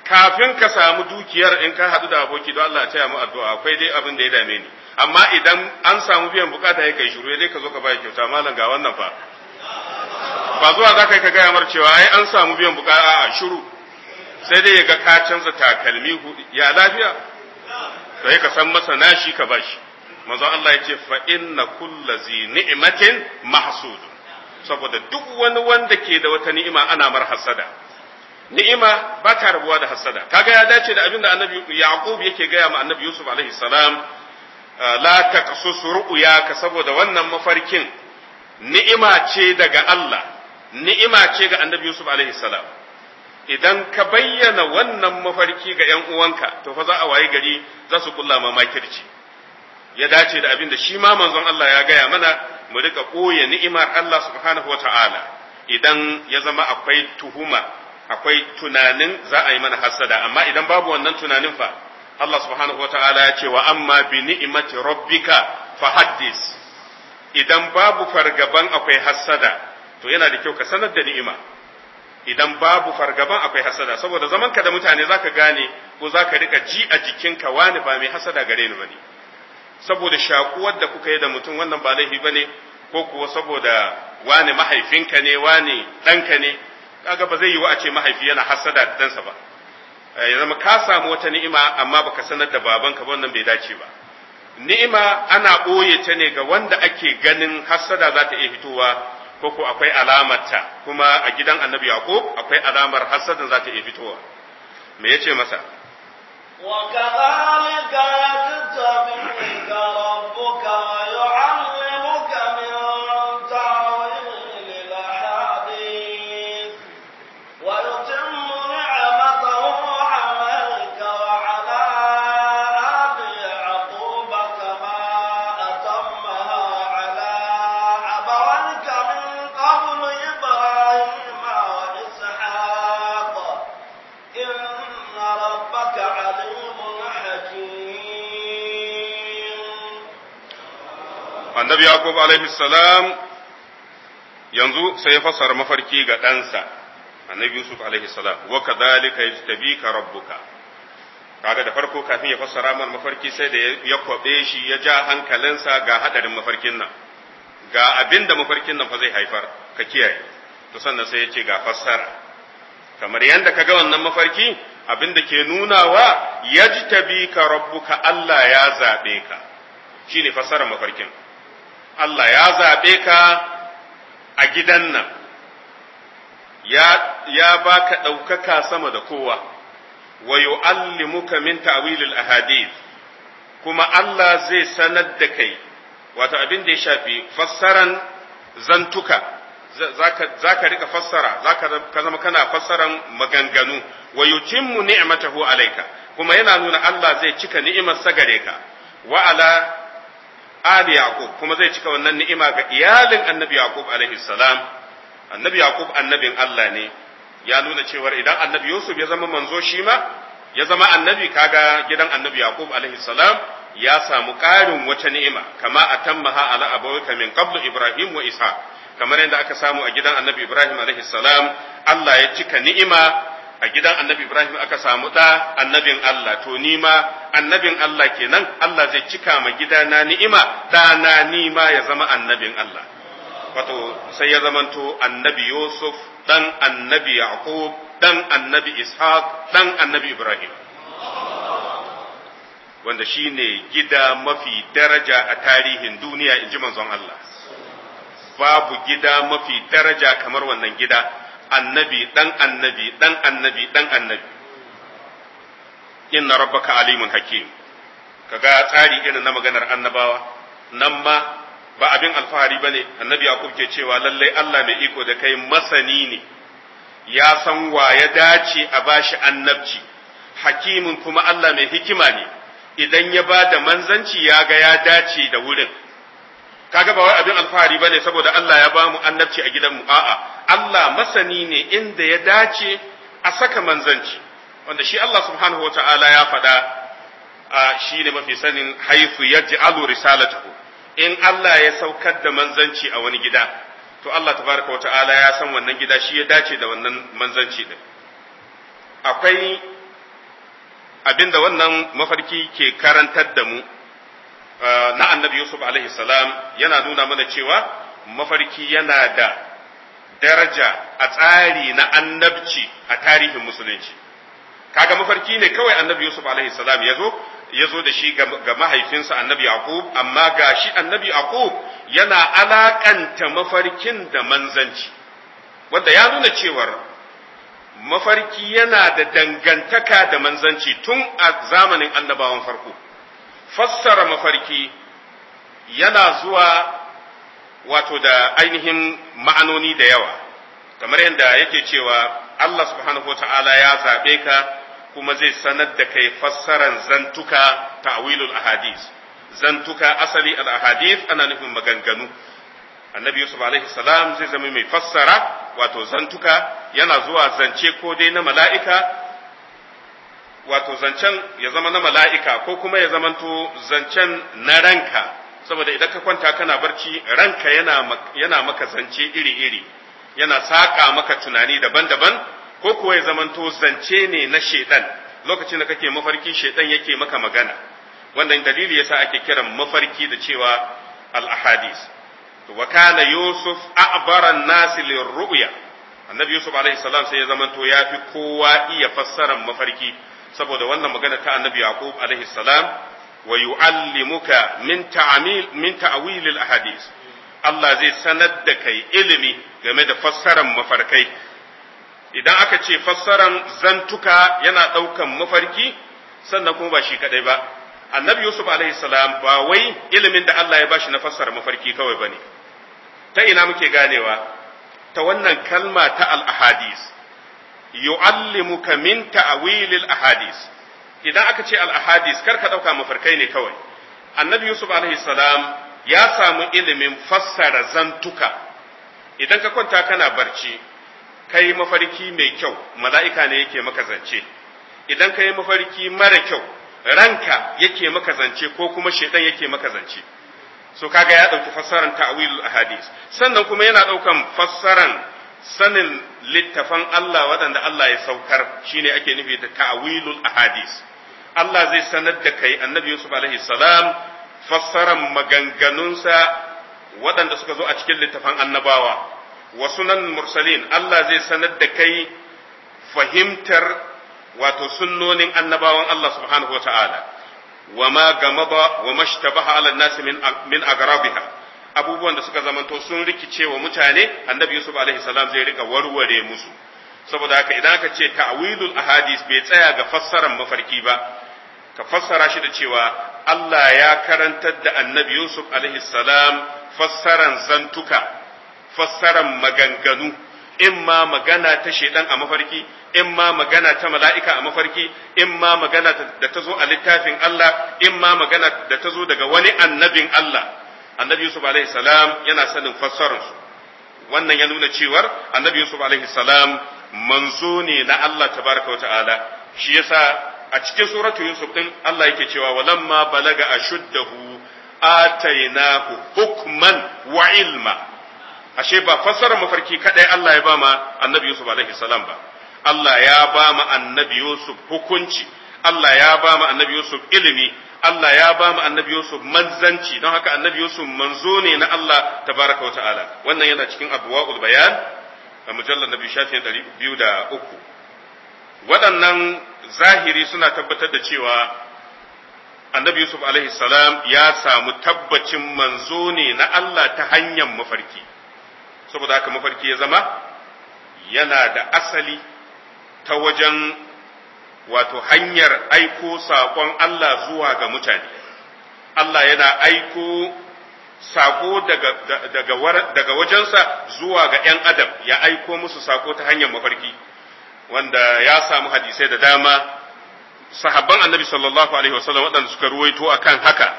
kafin ka samu dukiyar in ka haɗu da aboki don Allah taya mu addu'a akwai dai abin da ya dame ni amma idan an samu biyan bukata ya kai shiru dai ka zo ka bayar kyauta malam ga wannan fa ba zuwa za ka yi ka gaya mar cewa ai an samu biyan bukata a shiru sai dai ya ga ka canza takalmi ya lafiya sai ka san masa nashi ka bashi manzo Allah ya ce fa inna kula ni'matin mahsudun saboda duk wani wanda ke da wata ni'ima ana mar hasada ni'ima ba ta rabuwa da hasada kaga ya dace da abinda annabi yaqub yake gaya ma annabi yusuf alaihi salam ah, la taqsus ru'yaka saboda wannan mafarkin ni'ima ce daga Allah ni'ima ce ga annabi yusuf alaihi salam idan ka bayyana wannan mafarki ga ‘yan uwanka, to fa za a waye gari za su kulla ma makirci, ya dace da abin shi ma manzon Allah ya gaya mana mu rika koya ni'imar Allah subhanahu wa ta'ala idan ya zama akwai tuhuma akwai tunanin za a yi mana hasada amma idan babu wannan tunanin fa Allah subhanahu wa ta'ala ya ce wa amma bi ni'imati rabbika fa haddis idan babu fargaban akwai hasada to yana da kyau ka sanar da ni'ima idan babu fargaban akwai hasada saboda zaman ka da mutane zaka gane ko zaka rika ji a jikinka wani ba mai hasada gare ni ba ne. saboda shakuwar da kuka yi da mutum wannan ba laifi bane ko kuwa saboda wani mahaifinka ne wani ɗanka ne kaga ba zai wa a ce mahaifi yana hasada da ɗansa ba eh, ya zama ka samu wata ni'ima amma baka sanar da babanka ba wannan bai dace ba ni'ima ana ɓoye ta ne ga wanda ake ganin hasada za ta iya fitowa ko ko akwai alamarta kuma a gidan annabi yaqub akwai alamar hasadan za ta iya fitowa me yace masa وكذلك يجتبيك ربك annabi yaqub salam yanzu sai ya fassara mafarki ga ɗansa annabi yusuf alayhi salam wa kadhalika yajtabika rabbuka kaga da farko kafin ya fassara mana mafarki sai da ya kwabe shi ya ja hankalinsa ga hadarin mafarkin nan ga abin da mafarkin nan fa zai haifar ka kiyaye to sannan sai ya ce ga fassara kamar yadda ka ga wannan mafarki abin da ke nunawa yajtabika rabbuka Allah ya zabe ka shine fassarar mafarkin Allah ya zaɓe ka a gidan nan, ya ba ka ɗaukaka sama da kowa, wa yu'allimuka min ta'wilil ahadith kuma Allah zai sanar da kai, wato abin da ya shafi fassaran zantuka, za ka rika fassara, za ka zama kana fassaran maganganu, wa yutimmu ni'matahu alaika, kuma yana nuna Allah zai cika ni'imar sagare ka, wa'ala ali yaqub kuma zai cika wannan ni'ima ga iyalin annabi yaqub alaihi salam annabi yaqub annabin Allah ne ya nuna cewa idan annabi yusuf ya zama manzo shi ma ya zama annabi kaga gidan annabi yaqub alaihi salam ya samu ƙarin wata ni'ima kama atammaha ala abawika min qablu ibrahim wa Isha kamar yadda aka samu a gidan annabi ibrahim alaihi salam Allah ya cika ni'ima a gidan annabi Ibrahim aka samu ɗa annabin Allah to ni ma annabin Allah kenan Allah zai cika ma gidana ni'ima ɗana ni ma ya zama annabin Allah wato sai ya zamanto annabi Yusuf dan annabi Yaqub dan annabi Ishaq dan annabi Ibrahim wanda shine gida mafi daraja a tarihin duniya in ji manzon Allah babu gida mafi daraja kamar wannan gida annabi dan annabi dan annabi dan annabi inna rabbaka alimun hakim kaga tsari irin na maganar annabawa nan ma ba abin alfahari bane annabi yakub ke cewa lallai Allah mai iko da kai masani ne ya san wa ya dace a bashi annabci Hakimun kuma Allah mai hikima ne idan ya ba da manzanci ya ga ya dace da wurin kaga ba wai abin alfahari bane saboda Allah ya bamu annabci a gidan mu. a'a Allah masani ne inda ya dace a saka manzanci wanda shi Allah subhanahu wata'ala ya faɗa a shi ne mafi sanin haifu ya ji alu risalatahu in Allah ya saukar da manzanci a wani gida to Allah tabaraka wata'ala ya san wannan gida shi ya dace da wannan manzanci din akwai abinda wannan mafarki ke karantar da mu na annabi Yusuf alaihi salam yana nuna mana cewa mafarki yana da daraja a tsari na annabci a tarihin musulunci kaga mafarki ne kawai annabi Yusuf alaihi salam ya zo da shi ga mahaifinsa annabi Yaqub amma ga shi annabi Yaqub yana alakanta mafarkin da manzanci wanda ya nuna cewar mafarki yana da dangantaka da manzanci tun a zamanin annabawan farko fassara mafarki yana zuwa wato da ainihin ma'anoni da yawa kamar yadda yake cewa Allah subhanahu wa ta'ala ya zaɓe ka kuma zai sanar da kai fassaran zantuka ta'wilul ahadis zantuka asali al ahadis ana nufin maganganu annabi yusuf alaihi salam zai zama mai fassara wato zantuka yana zuwa zance ko dai na mala'ika wato zancen ya zama na mala'ika ko kuma ya zamanto zancen na ranka saboda idan ka kwanta kana barci ranka yana maka zance iri-iri yana saƙa maka tunani daban-daban ko kuwa ya zamanto zance ne na shaidan lokacin da kake mafarki shaidan yake maka magana wannan dalili yasa ake kiran mafarki da cewa al-ahadis Wakana yusuf a'baran nasi annabi yusuf alaihi salam sai ya zamanto ya fi kowa iya fassarar mafarki saboda wannan magana ta annabi yaqub alaihi salam wa yu'allimuka min ta'amil min ta'wil al ahadith Allah zai sanar da kai ilimi game da fassaran mafarkai idan aka ce fassaran zantuka yana daukan mafarki sannan kuma ba shi kadai ba annabi yusuf alaihi salam ba wai ilimin da Allah ya bashi na fassara mafarki kawai bane ta ina muke ganewa ta wannan kalma ta al ahadith yu'allimuka min ta'wilil ahadis idan aka ce al ahadis kar ka dauka mafarkai ne kawai annabi yusuf alaihi salam ya samu ilimin fassara zantuka idan ka kwanta kana barci kai mafarki mai kyau mala'ika ne yake maka zance idan kai mafarki mara kyau ranka yake maka zance ko kuma shedan yake maka zance so kaga ya dauki fassaran ta'wilul ahadis sannan kuma yana daukan fassaran sanin littafan Allah waɗanda Allah ya saukar shine ake nufi da ta'wilul ahadis Allah zai sanar da kai annabi Yusuf alaihi salam fassaran maganganunsa waɗanda suka zo a cikin littafan annabawa wa sunan mursalin Allah zai sanar da kai fahimtar wato sunnonin annabawan Allah subhanahu wa ta'ala wa ma gamaba wa mashtabaha ala nasi min agrabiha abubuwan da suka zamanto sun rikice wa mutane annabi yusuf alaihi salam zai rika warware musu saboda haka idan aka ce ta'wilul ahadis bai tsaya ga fassarar mafarki ba ka fassara shi da cewa Allah ya karantar da annabi yusuf alaihi salam fassaran zantuka fassaran maganganu in ma magana ta shedan a mafarki in ma magana ta mala'ika a mafarki in ma magana da ta zo a littafin Allah in ma magana da ta zo daga wani annabin Allah annabi yusuf alaihi salam yana sanin fassararsu wannan ya nuna cewar annabi yusuf alaihi salam manzo ne na Allah tabaraka wa ta'ala shi yasa a cikin suratu yusuf din Allah yake cewa walamma balaga ashuddahu atainahu hukman wa ilma ashe ba fassarar mafarki kadai Allah ya bama annabi yusuf alaihi salam ba Allah ya bama annabi yusuf hukunci Allah ya bama annabi yusuf ilimi Allah ya ba mu annabi Yusuf manzanci don haka annabi Yusuf manzo ne na Allah tabaraka wa ta'ala wannan yana cikin abwaul bayan a mujallar nabi shafin biyu da uku waɗannan zahiri suna tabbatar da cewa annabi Yusuf alaihi salam ya samu tabbacin manzo ne na Allah ta hanyar mafarki saboda haka mafarki ya zama yana da asali ta wajen wato hanyar aiko saƙon Allah zuwa ga mutane Allah yana aiko saƙo daga wajensa zuwa ga ‘yan adam ya aiko musu saƙo ta hanyar mafarki wanda ya samu hadisai da dama sahabban annabi sallallahu alaihi wasallam waɗanda suka ruwaito a kan haka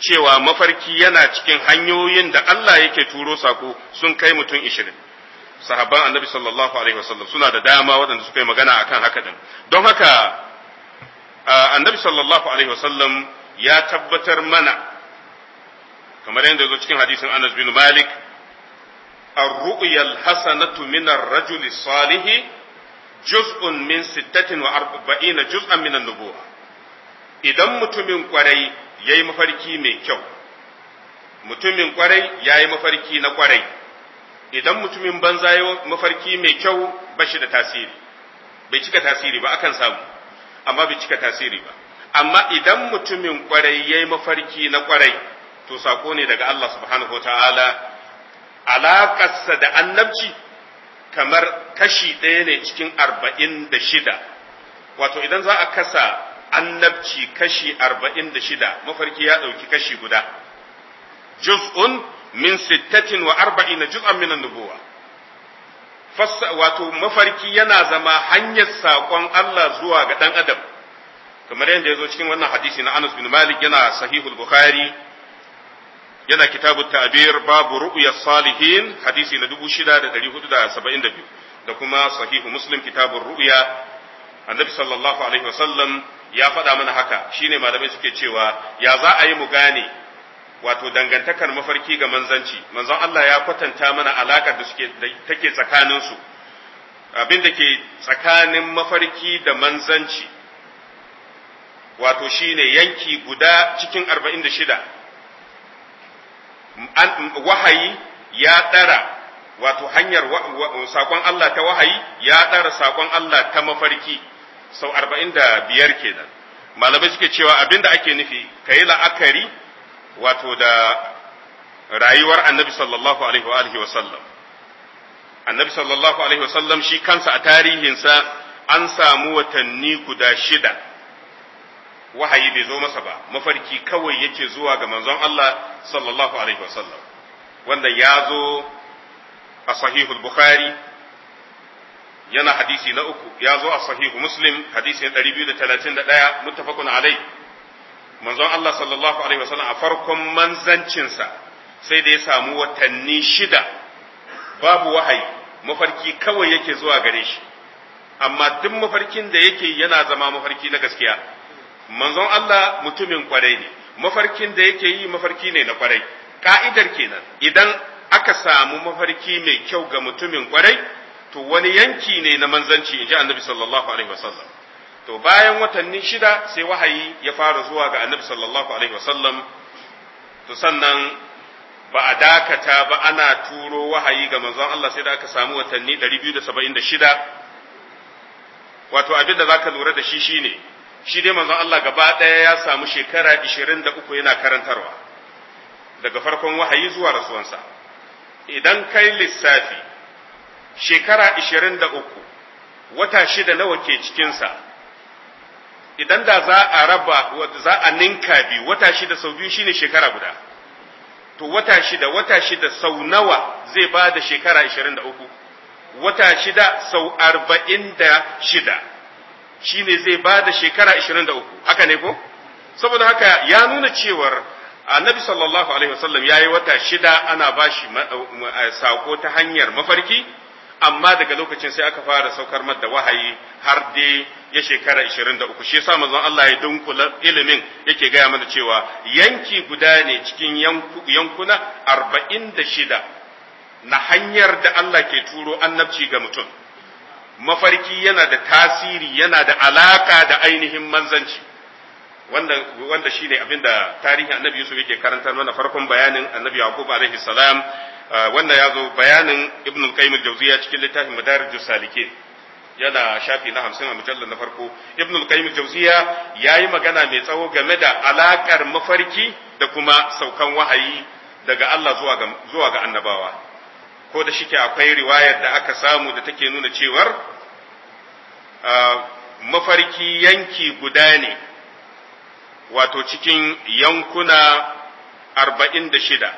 cewa mafarki yana cikin hanyoyin da Allah yake turo saƙo sun kai mutum ishirin sahabban annabi sallallahu alaihi wasallam suna da dama waɗanda suka yi magana a kan haka ɗin don haka annabi sallallahu alaihi wasallam ya tabbatar mana kamar yadda zo cikin hadisin Anas bin Malik الرؤيا الحسنة من الرجل الصالح جزء من ستة وأربعين جزءا من النبوة idan mutumin kwarai ya yi mafarki mai kyau mutumin kwarai ya yi mafarki na kwarai idan mutumin banza ya mafarki mai kyau ba shi da tasiri bai cika tasiri ba akan samu amma bai cika tasiri ba amma idan mutumin kwarai ya mafarki na kwarai to sako ne daga Allah subhanahu ta'ala alaƙarsa da annabci kamar kashi ɗaya ne cikin arba'in da shida wato idan za a kasa annabci kashi arba'in da shida mafarki ya ɗauki kashi guda juz'un min sittatin wa arba'ina juz'an min an-nubuwa wato mafarki yana zama hanyar saƙon Allah zuwa ga ɗan adam kamar yadda ya zo cikin wannan hadisi na Anas bin Malik yana sahihul Bukhari yana kitabu ta'bir babu ru'ya salihin hadisi na 6472 da kuma sahihu Muslim kitabun ru'ya annabi sallallahu alaihi wasallam ya faɗa mana haka shine malamai suke cewa ya za a yi mu gane wato dangantakar mafarki ga manzanci manzon Allah ya kwatanta mana alaƙa da suke take tsakanin su abin da ke tsakanin mafarki da manzanci wato shine yanki guda cikin 46 wahayi ya ɗara wato hanyar sakon Allah ta wahayi ya ɗara sakon Allah ta mafarki sau 45 kenan malamai suke cewa abin da ake nufi ka yi la'akari wato da rayuwar annabi sallallahu alaihi wa sallam, annabi sallallahu alaihi wa sallam shi kansa a tarihinsa an samu watanni guda shida wahayi bai zo masa ba mafarki kawai yake zuwa ga manzon Allah sallallahu alaihi wa sallam, wanda ya zo a sahihul bukhari yana hadisi na uku ya zo a sahihu muslim hadisi na 231 muttafaqun alai manzon Allah sallallahu alaihi wasallam a farkon manzancinsa sai da ya samu watanni shida babu wahayi mafarki kawai yake zuwa gare shi amma duk mafarkin da yake yana zama mafarki na gaskiya manzon Allah mutumin kwarai ne mafarkin da yake yi mafarki ne na kwarai ka'idar kenan idan aka samu mafarki mai kyau ga mutumin kwarai to wani yanki ne na manzanci in ji annabi sallallahu alaihi wasallam to bayan watanni shida sai wahayi ya fara zuwa ga annabi sallallahu alaihi wasallam to sannan ba a dakata ba ana turo wahayi ga manzon Allah sai da aka samu watanni 276 wato abin da zaka lura da shi shine shi dai manzon Allah gaba ɗaya ya samu shekara 23 yana karantarwa daga farkon wahayi zuwa rasuwansa idan kai lissafi shekara 23 wata shida nawa ke cikinsa idan da za a raba za a ninka biyu wata shida sau biyu shine shekara guda to wata shida wata shida sau nawa zai ba da shekara 23 wata shida sau 46 shine zai ba da shekara 23 haka ne ko saboda haka ya nuna cewar annabi sallallahu alaihi wasallam yayi wata shida ana bashi eh, sako ta hanyar mafarki amma daga lokacin sai aka fara saukar mata wahayi har dai ya shekara 23 shi yasa manzon Allah ya dunkula ilimin yake gaya mana cewa yanki guda ne cikin yankuna 46 na hanyar da Allah ke turo annabci ga mutum mafarki yana da tasiri yana da alaka da ainihin manzanci wanda wanda shine abinda tarihin annabi Yusuf yake karantar mana farkon bayanin annabi Yaqub alaihi salam wannan ya zo bayanin ibn al-qayyim al-jawziya cikin littafin madarijus salikin yana shafi na hamsin a mujallar na farko ibn al-qayyim jawziya yayi magana mai tsawo game da alakar mafarki da kuma saukan wahayi daga Allah zuwa ga zuwa ga annabawa ko da shike akwai riwayar da aka samu da take nuna cewar mafarki yanki guda ne wato cikin yankuna arba'in da shida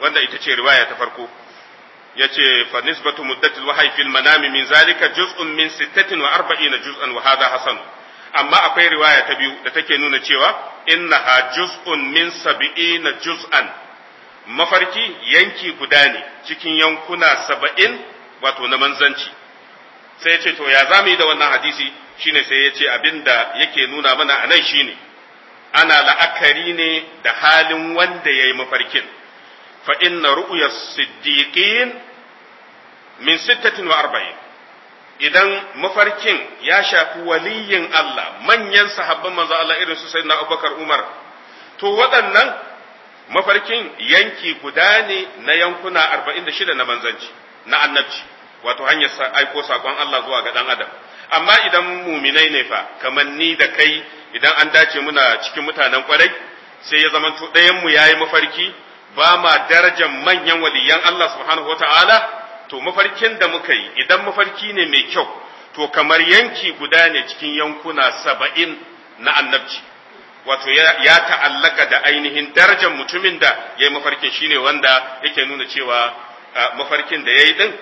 wanda ita ce riwaya ta farko yace fa nisbatu muddatil wahyi fil manami min zalika juz'un min 46 juz'an wa hadha hasan amma akwai riwaya ta biyu da take nuna cewa innaha juz'un min 70 juz'an mafarki yanki guda ne cikin yankuna saba'in wato na manzanci sai ce to ya mu yi da wannan hadisi shine sai yace abinda yake nuna mana anan shine ana la'akari ne da halin wanda yayi mafarkin fa inna ru'ya siddiqin min 46 idan mafarkin ya shafi waliyin Allah manyan sahabban manzo Allah irin su sayyidina Abubakar Umar to waɗannan mafarkin yanki guda ne na yankuna 46 na manzanci na annabci wato hanyar aiko sakon Allah zuwa ga dan adam amma idan muminai ne fa kamar ni da kai idan an dace muna cikin mutanen kwarai sai ya zamanto ɗayan mu yayi mafarki ba ma darajar manyan waliyan Allah subhanahu wata'ala to mafarkin da muka yi idan mafarki ne mai kyau to kamar yanki guda ne cikin yankuna saba'in na annabci wato ya ta'allaka da ainihin darajar mutumin da ya yi mafarkin shine wanda yake nuna cewa mafarkin da ya yi din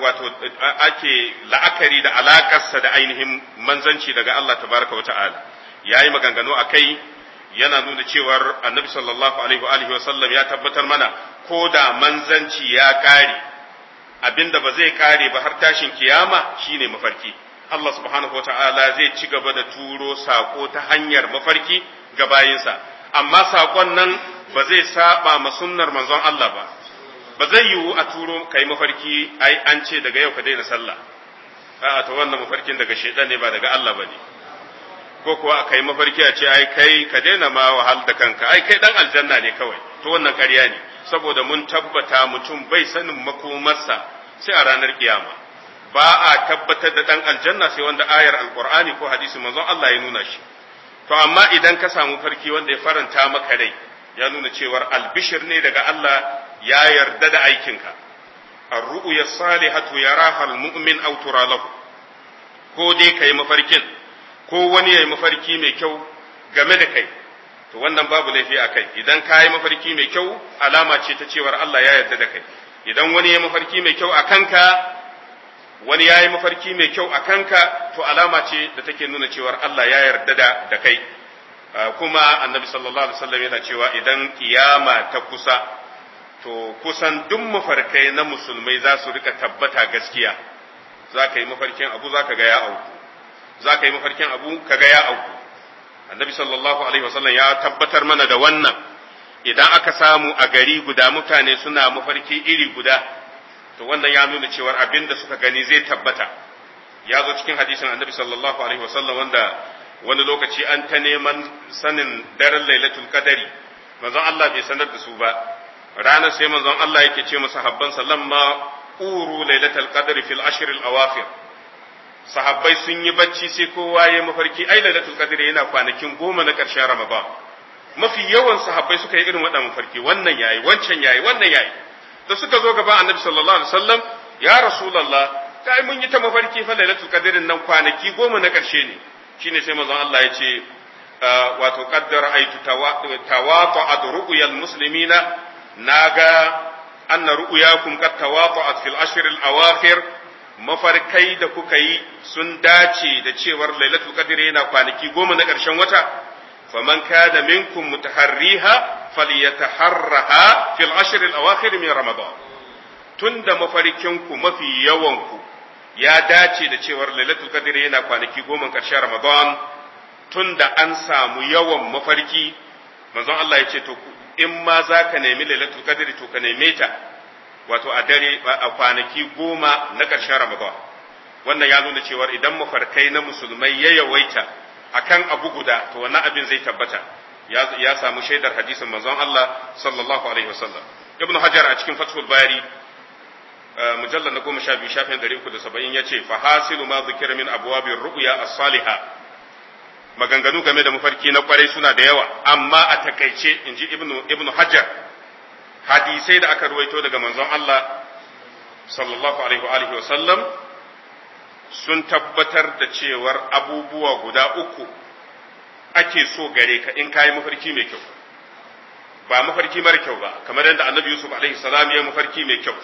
wato ake la'akari da alakarsa da ainihin manzanci daga Allah tabaraka wa ta'ala ya yi maganganu a kai yana nuna cewar annabi sallallahu alaihi wa alihi wa sallam ya tabbatar mana ko da manzanci ya kare abinda ba zai kare ba har tashin kiyama shine mafarki Allah subhanahu wataala zai ci gaba da turo sako ta hanyar mafarki ga bayinsa amma sakon nan ba zai saba ma sunnar manzon Allah ba ba zai yiwu a turo kai mafarki ai an ce daga yau ka daina sallah a'a to wannan mafarkin daga shedan ne ba daga Allah ne. ko kuwa aka yi mafarki a ce ai kai ka daina ma wahal da kanka ai kai dan aljanna ne kawai to wannan ƙarya ne saboda mun tabbata mutum bai sanin makomarsa sai a ranar kiyama ba a tabbatar da dan aljanna sai wanda ayar alqur'ani ko hadisi manzon Allah ya nuna shi to amma idan ka samu farki wanda ya faranta maka rai ya nuna cewar albishir ne daga Allah ya yarda da aikinka ar-ru'ya salihatu yaraha al-mu'min aw lahu ko dai kai mafarkin ko wani ya yi mafarki mai kyau game da kai to wannan babu laifi a kai idan ka yi mafarki mai kyau alama ce ta cewar Allah ya yarda da kai idan wani ya yi mafarki mai kyau a kanka wani ya yi mafarki mai kyau a kanka to alama ce da take nuna cewar Allah ya yarda da, da kai kuma annabi sallallahu alaihi wasallam yana cewa idan kiyama ta kusa to kusan duk mafarkai na musulmai za su rika tabbata gaskiya za ka yi mafarkin abu za ka ga ya auku za ka yi mafarkin abu ka ga ya auku annabi sallallahu alaihi wasallam ya tabbatar mana da wannan idan aka samu a gari guda mutane suna mafarki iri guda to wannan ya nuna cewa abin da suka gani zai tabbata ya zo cikin hadisin annabi sallallahu alaihi wasallam wanda wani lokaci an ta neman sanin daren lailatul qadari manzon Allah bai sanar da su ba ranar sai manzon Allah yake ce masa habban lamma uru lailatul qadri fil ashirin awafir sahabbai sun yi bacci sai kowa ya mafarki ai lailatul qadr yana kwanakin goma na ƙarshen ramadan mafi yawan sahabbai suka yi irin waɗannan mafarki wannan yayi wancan yayi wannan yayi da suka zo gaba annabi sallallahu alaihi wasallam ya rasulullah kai mun yi ta mafarki fa lailatul qadr nan kwanaki goma na ƙarshe ne shine sai manzon Allah ya ce ah, wato qaddar aitu tawatu tawatu'at ru'yal muslimina naga anna ru'yakum qad tawatu fil ashr al awakhir mafarkai da kuka yi sun dace da cewar lailatul qadr yana kwanaki goma na ƙarshen wata faman kana minkum mutaharriha falyataharraha fil ashr al awakhir min ramadan tunda mafarkinku mafi yawanku ya dace da cewar lailatul qadr yana kwanaki goma ƙarshen ramadan tunda an samu yawan mafarki manzon Allah ya ce to in ma zaka nemi lailatul qadr to ka neme ta wato a dare a kwanaki goma na ƙarshen Ramadan wannan ya nuna cewa idan mafarkai na musulmai ya yawaita akan abu guda to wannan abin zai tabbata ya samu shaidar hadisin manzon Allah sallallahu alaihi wasallam ibnu hajar a cikin fathul bari eh, mujallal na goma sha biyu shafin ɗari uku da saba'in ya ce fahasilu ma zikira min abuwabin ru'uya as-saliha maganganu game da mafarki na kwarai suna da yawa amma a takaice in ji ibnu hajar hadisai da aka ruwaito daga manzon Allah sallallahu alaihi wa sallam sun tabbatar da cewar abubuwa guda uku ake so gare ka in kayi mafarki mai kyau ba mafarki mara kyau ba kamar yadda annabi yusuf alaihi salam ya mafarki mai kyau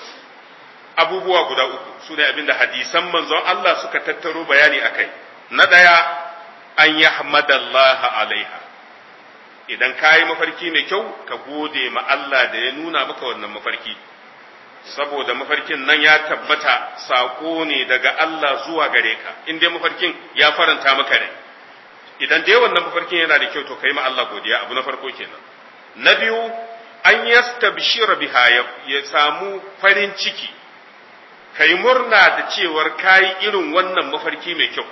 abubuwa guda uku su ne abinda hadisan manzon Allah suka tattaro bayani akai na ɗaya an yi hamadallaha alaiha idan ka yi mafarki mai kyau ka gode ma Allah da ya nuna maka wannan mafarki saboda mafarkin nan ya tabbata sako ne daga Allah zuwa gare ka in dai mafarkin ya faranta maka ne idan dai wannan mafarkin yana da kyau to kai ma Allah godiya abu na farko kenan na biyu an yastabshira biha ya samu farin ciki kai murna da cewar kai irin wannan mafarki mai kyau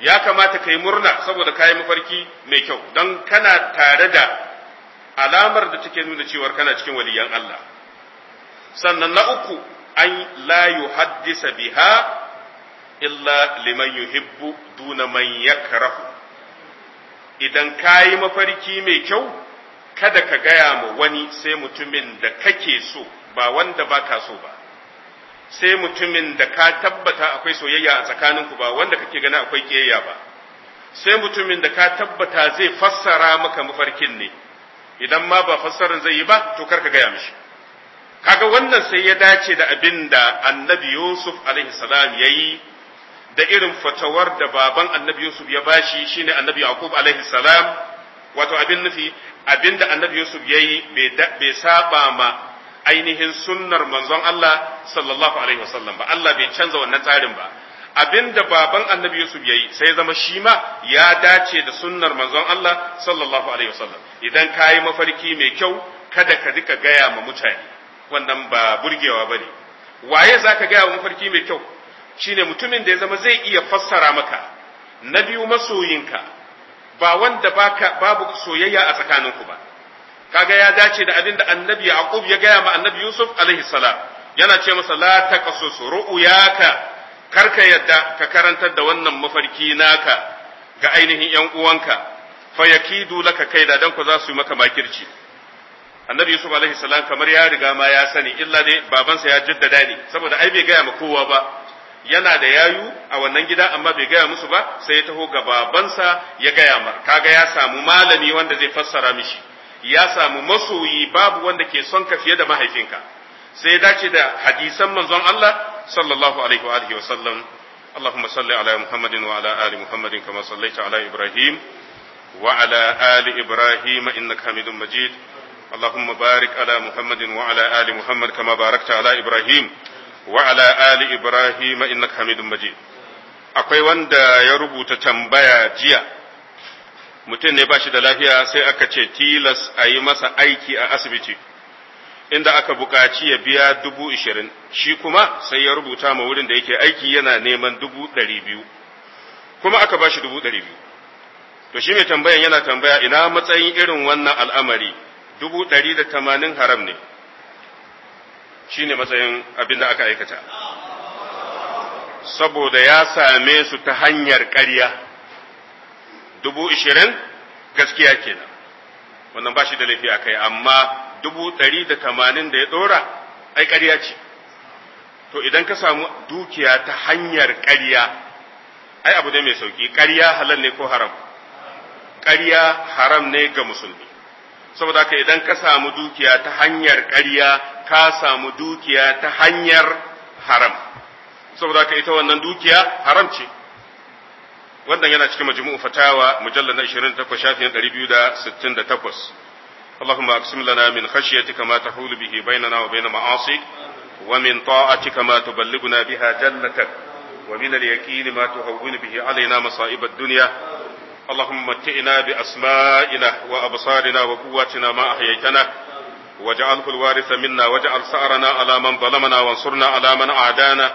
ya kamata ka yi murna saboda ka mafarki mai kyau don kana tare da alamar da take nuna cewar kana cikin waliyan Allah sannan na uku an la yuhaddisa biha illa liman yuhibbu duna man yakrahu idan ka mafarki mai kyau kada ka gaya ma wani sai mutumin da kake so ba wanda baka so ba sai mutumin da ka tabbata akwai soyayya a tsakaninku ba wanda kake gani akwai kiyayya ba sai mutumin da ka tabbata zai fassara maka mafarkin ne idan ma ba fassara zai yi ba to karka gaya mishi kaga wannan sai ya dace da abin da annabi yusuf alaihi salam ya yi da irin fatawar da baban annabi yusuf ya bashi shine annabi yaqub alaihi salam wato abin nufi abin da annabi yusuf ya yi bai saba ma ainihin sunnar manzon Allah sallallahu alaihi wasallam ba Allah bai canza wannan tsarin ba abinda baban annabi Yusuf yayi sai zama shi ma ya dace da sunnar manzon Allah sallallahu alaihi wasallam idan kayi mafarki mai kyau kada ka rika gaya ma mutane wannan ba burgewa bane waye zaka gaya wa mafarki mai kyau shine mutumin da ya zama zai iya fassara maka na biyu masoyinka ba wanda baka babu soyayya a tsakaninku ba kaga ya dace da abin da annabi yaqub ya gaya ma annabi yusuf alaihi salam yana ce masa la taqasus ru'yaka karka yadda ka karantar da wannan mafarki naka ga ainihin yan uwanka fa yakidu laka kaida dan ku za su yi maka makirci annabi yusuf alaihi salam kamar ya riga ma ya sani illa dai babansa ya jaddada ne saboda ai bai gaya ma kowa ba yana da yayu a wannan gida amma bai gaya musu ba sai ya taho ga babansa ya gaya mar kaga ya samu malami wanda zai fassara mishi ya samu masoyi babu wanda ke son ka fiye da mahaifinka sai dace da hadisan manzon Allah sallallahu alaihi wa alihi wa sallam اللهم صل على محمد وعلى آل محمد كما صليت على إبراهيم وعلى آل إبراهيم إنك حميد مجيد اللهم بارك على محمد وعلى آل محمد كما باركت على إبراهيم وعلى آل إبراهيم إنك حميد مجيد akwai wanda ya rubuta tambaya jiya mutum ne ba shi da lafiya sai aka ce tilas a yi masa aiki a asibiti inda aka buƙaci ya biya dubu ishirin shi kuma sai ya rubuta ma wurin da yake aiki yana neman dubu ɗari biyu kuma aka ba shi dubu ɗari biyu to shi mai tambayan yana tambaya ina matsayin irin wannan al'amari dubu ɗari da tamanin haram ne shi ne matsayin abin da aka aikata saboda ya same su ta hanyar ƙarya dubu ishirin gaskiya kenan wannan ba shi da laifi a kai amma dubu ɗari da tamanin da ya ɗora ai ƙarya ce to idan ka samu dukiya ta hanyar ƙarya ai abu ne mai sauki ƙarya halal ne ko haram ƙarya haram ne ga musulmi saboda ka idan ka samu dukiya ta hanyar ƙarya ka samu dukiya ta hanyar haram saboda ka ita wannan dukiya haram ce wannan yana cikin majmu'u fatawa mujallal na 28 shafin 268 اللهم اقسم لنا من خشيتك ما تحول به بيننا وبين معاصيك ومن طاعتك ما تبلغنا بها جنتك ومن اليقين ما تهون به علينا مصائب الدنيا اللهم متئنا بأسمائنا وأبصارنا وقواتنا ما أحييتنا واجعله الوارث منا واجعل سأرنا على من ظلمنا وانصرنا على من أعدانا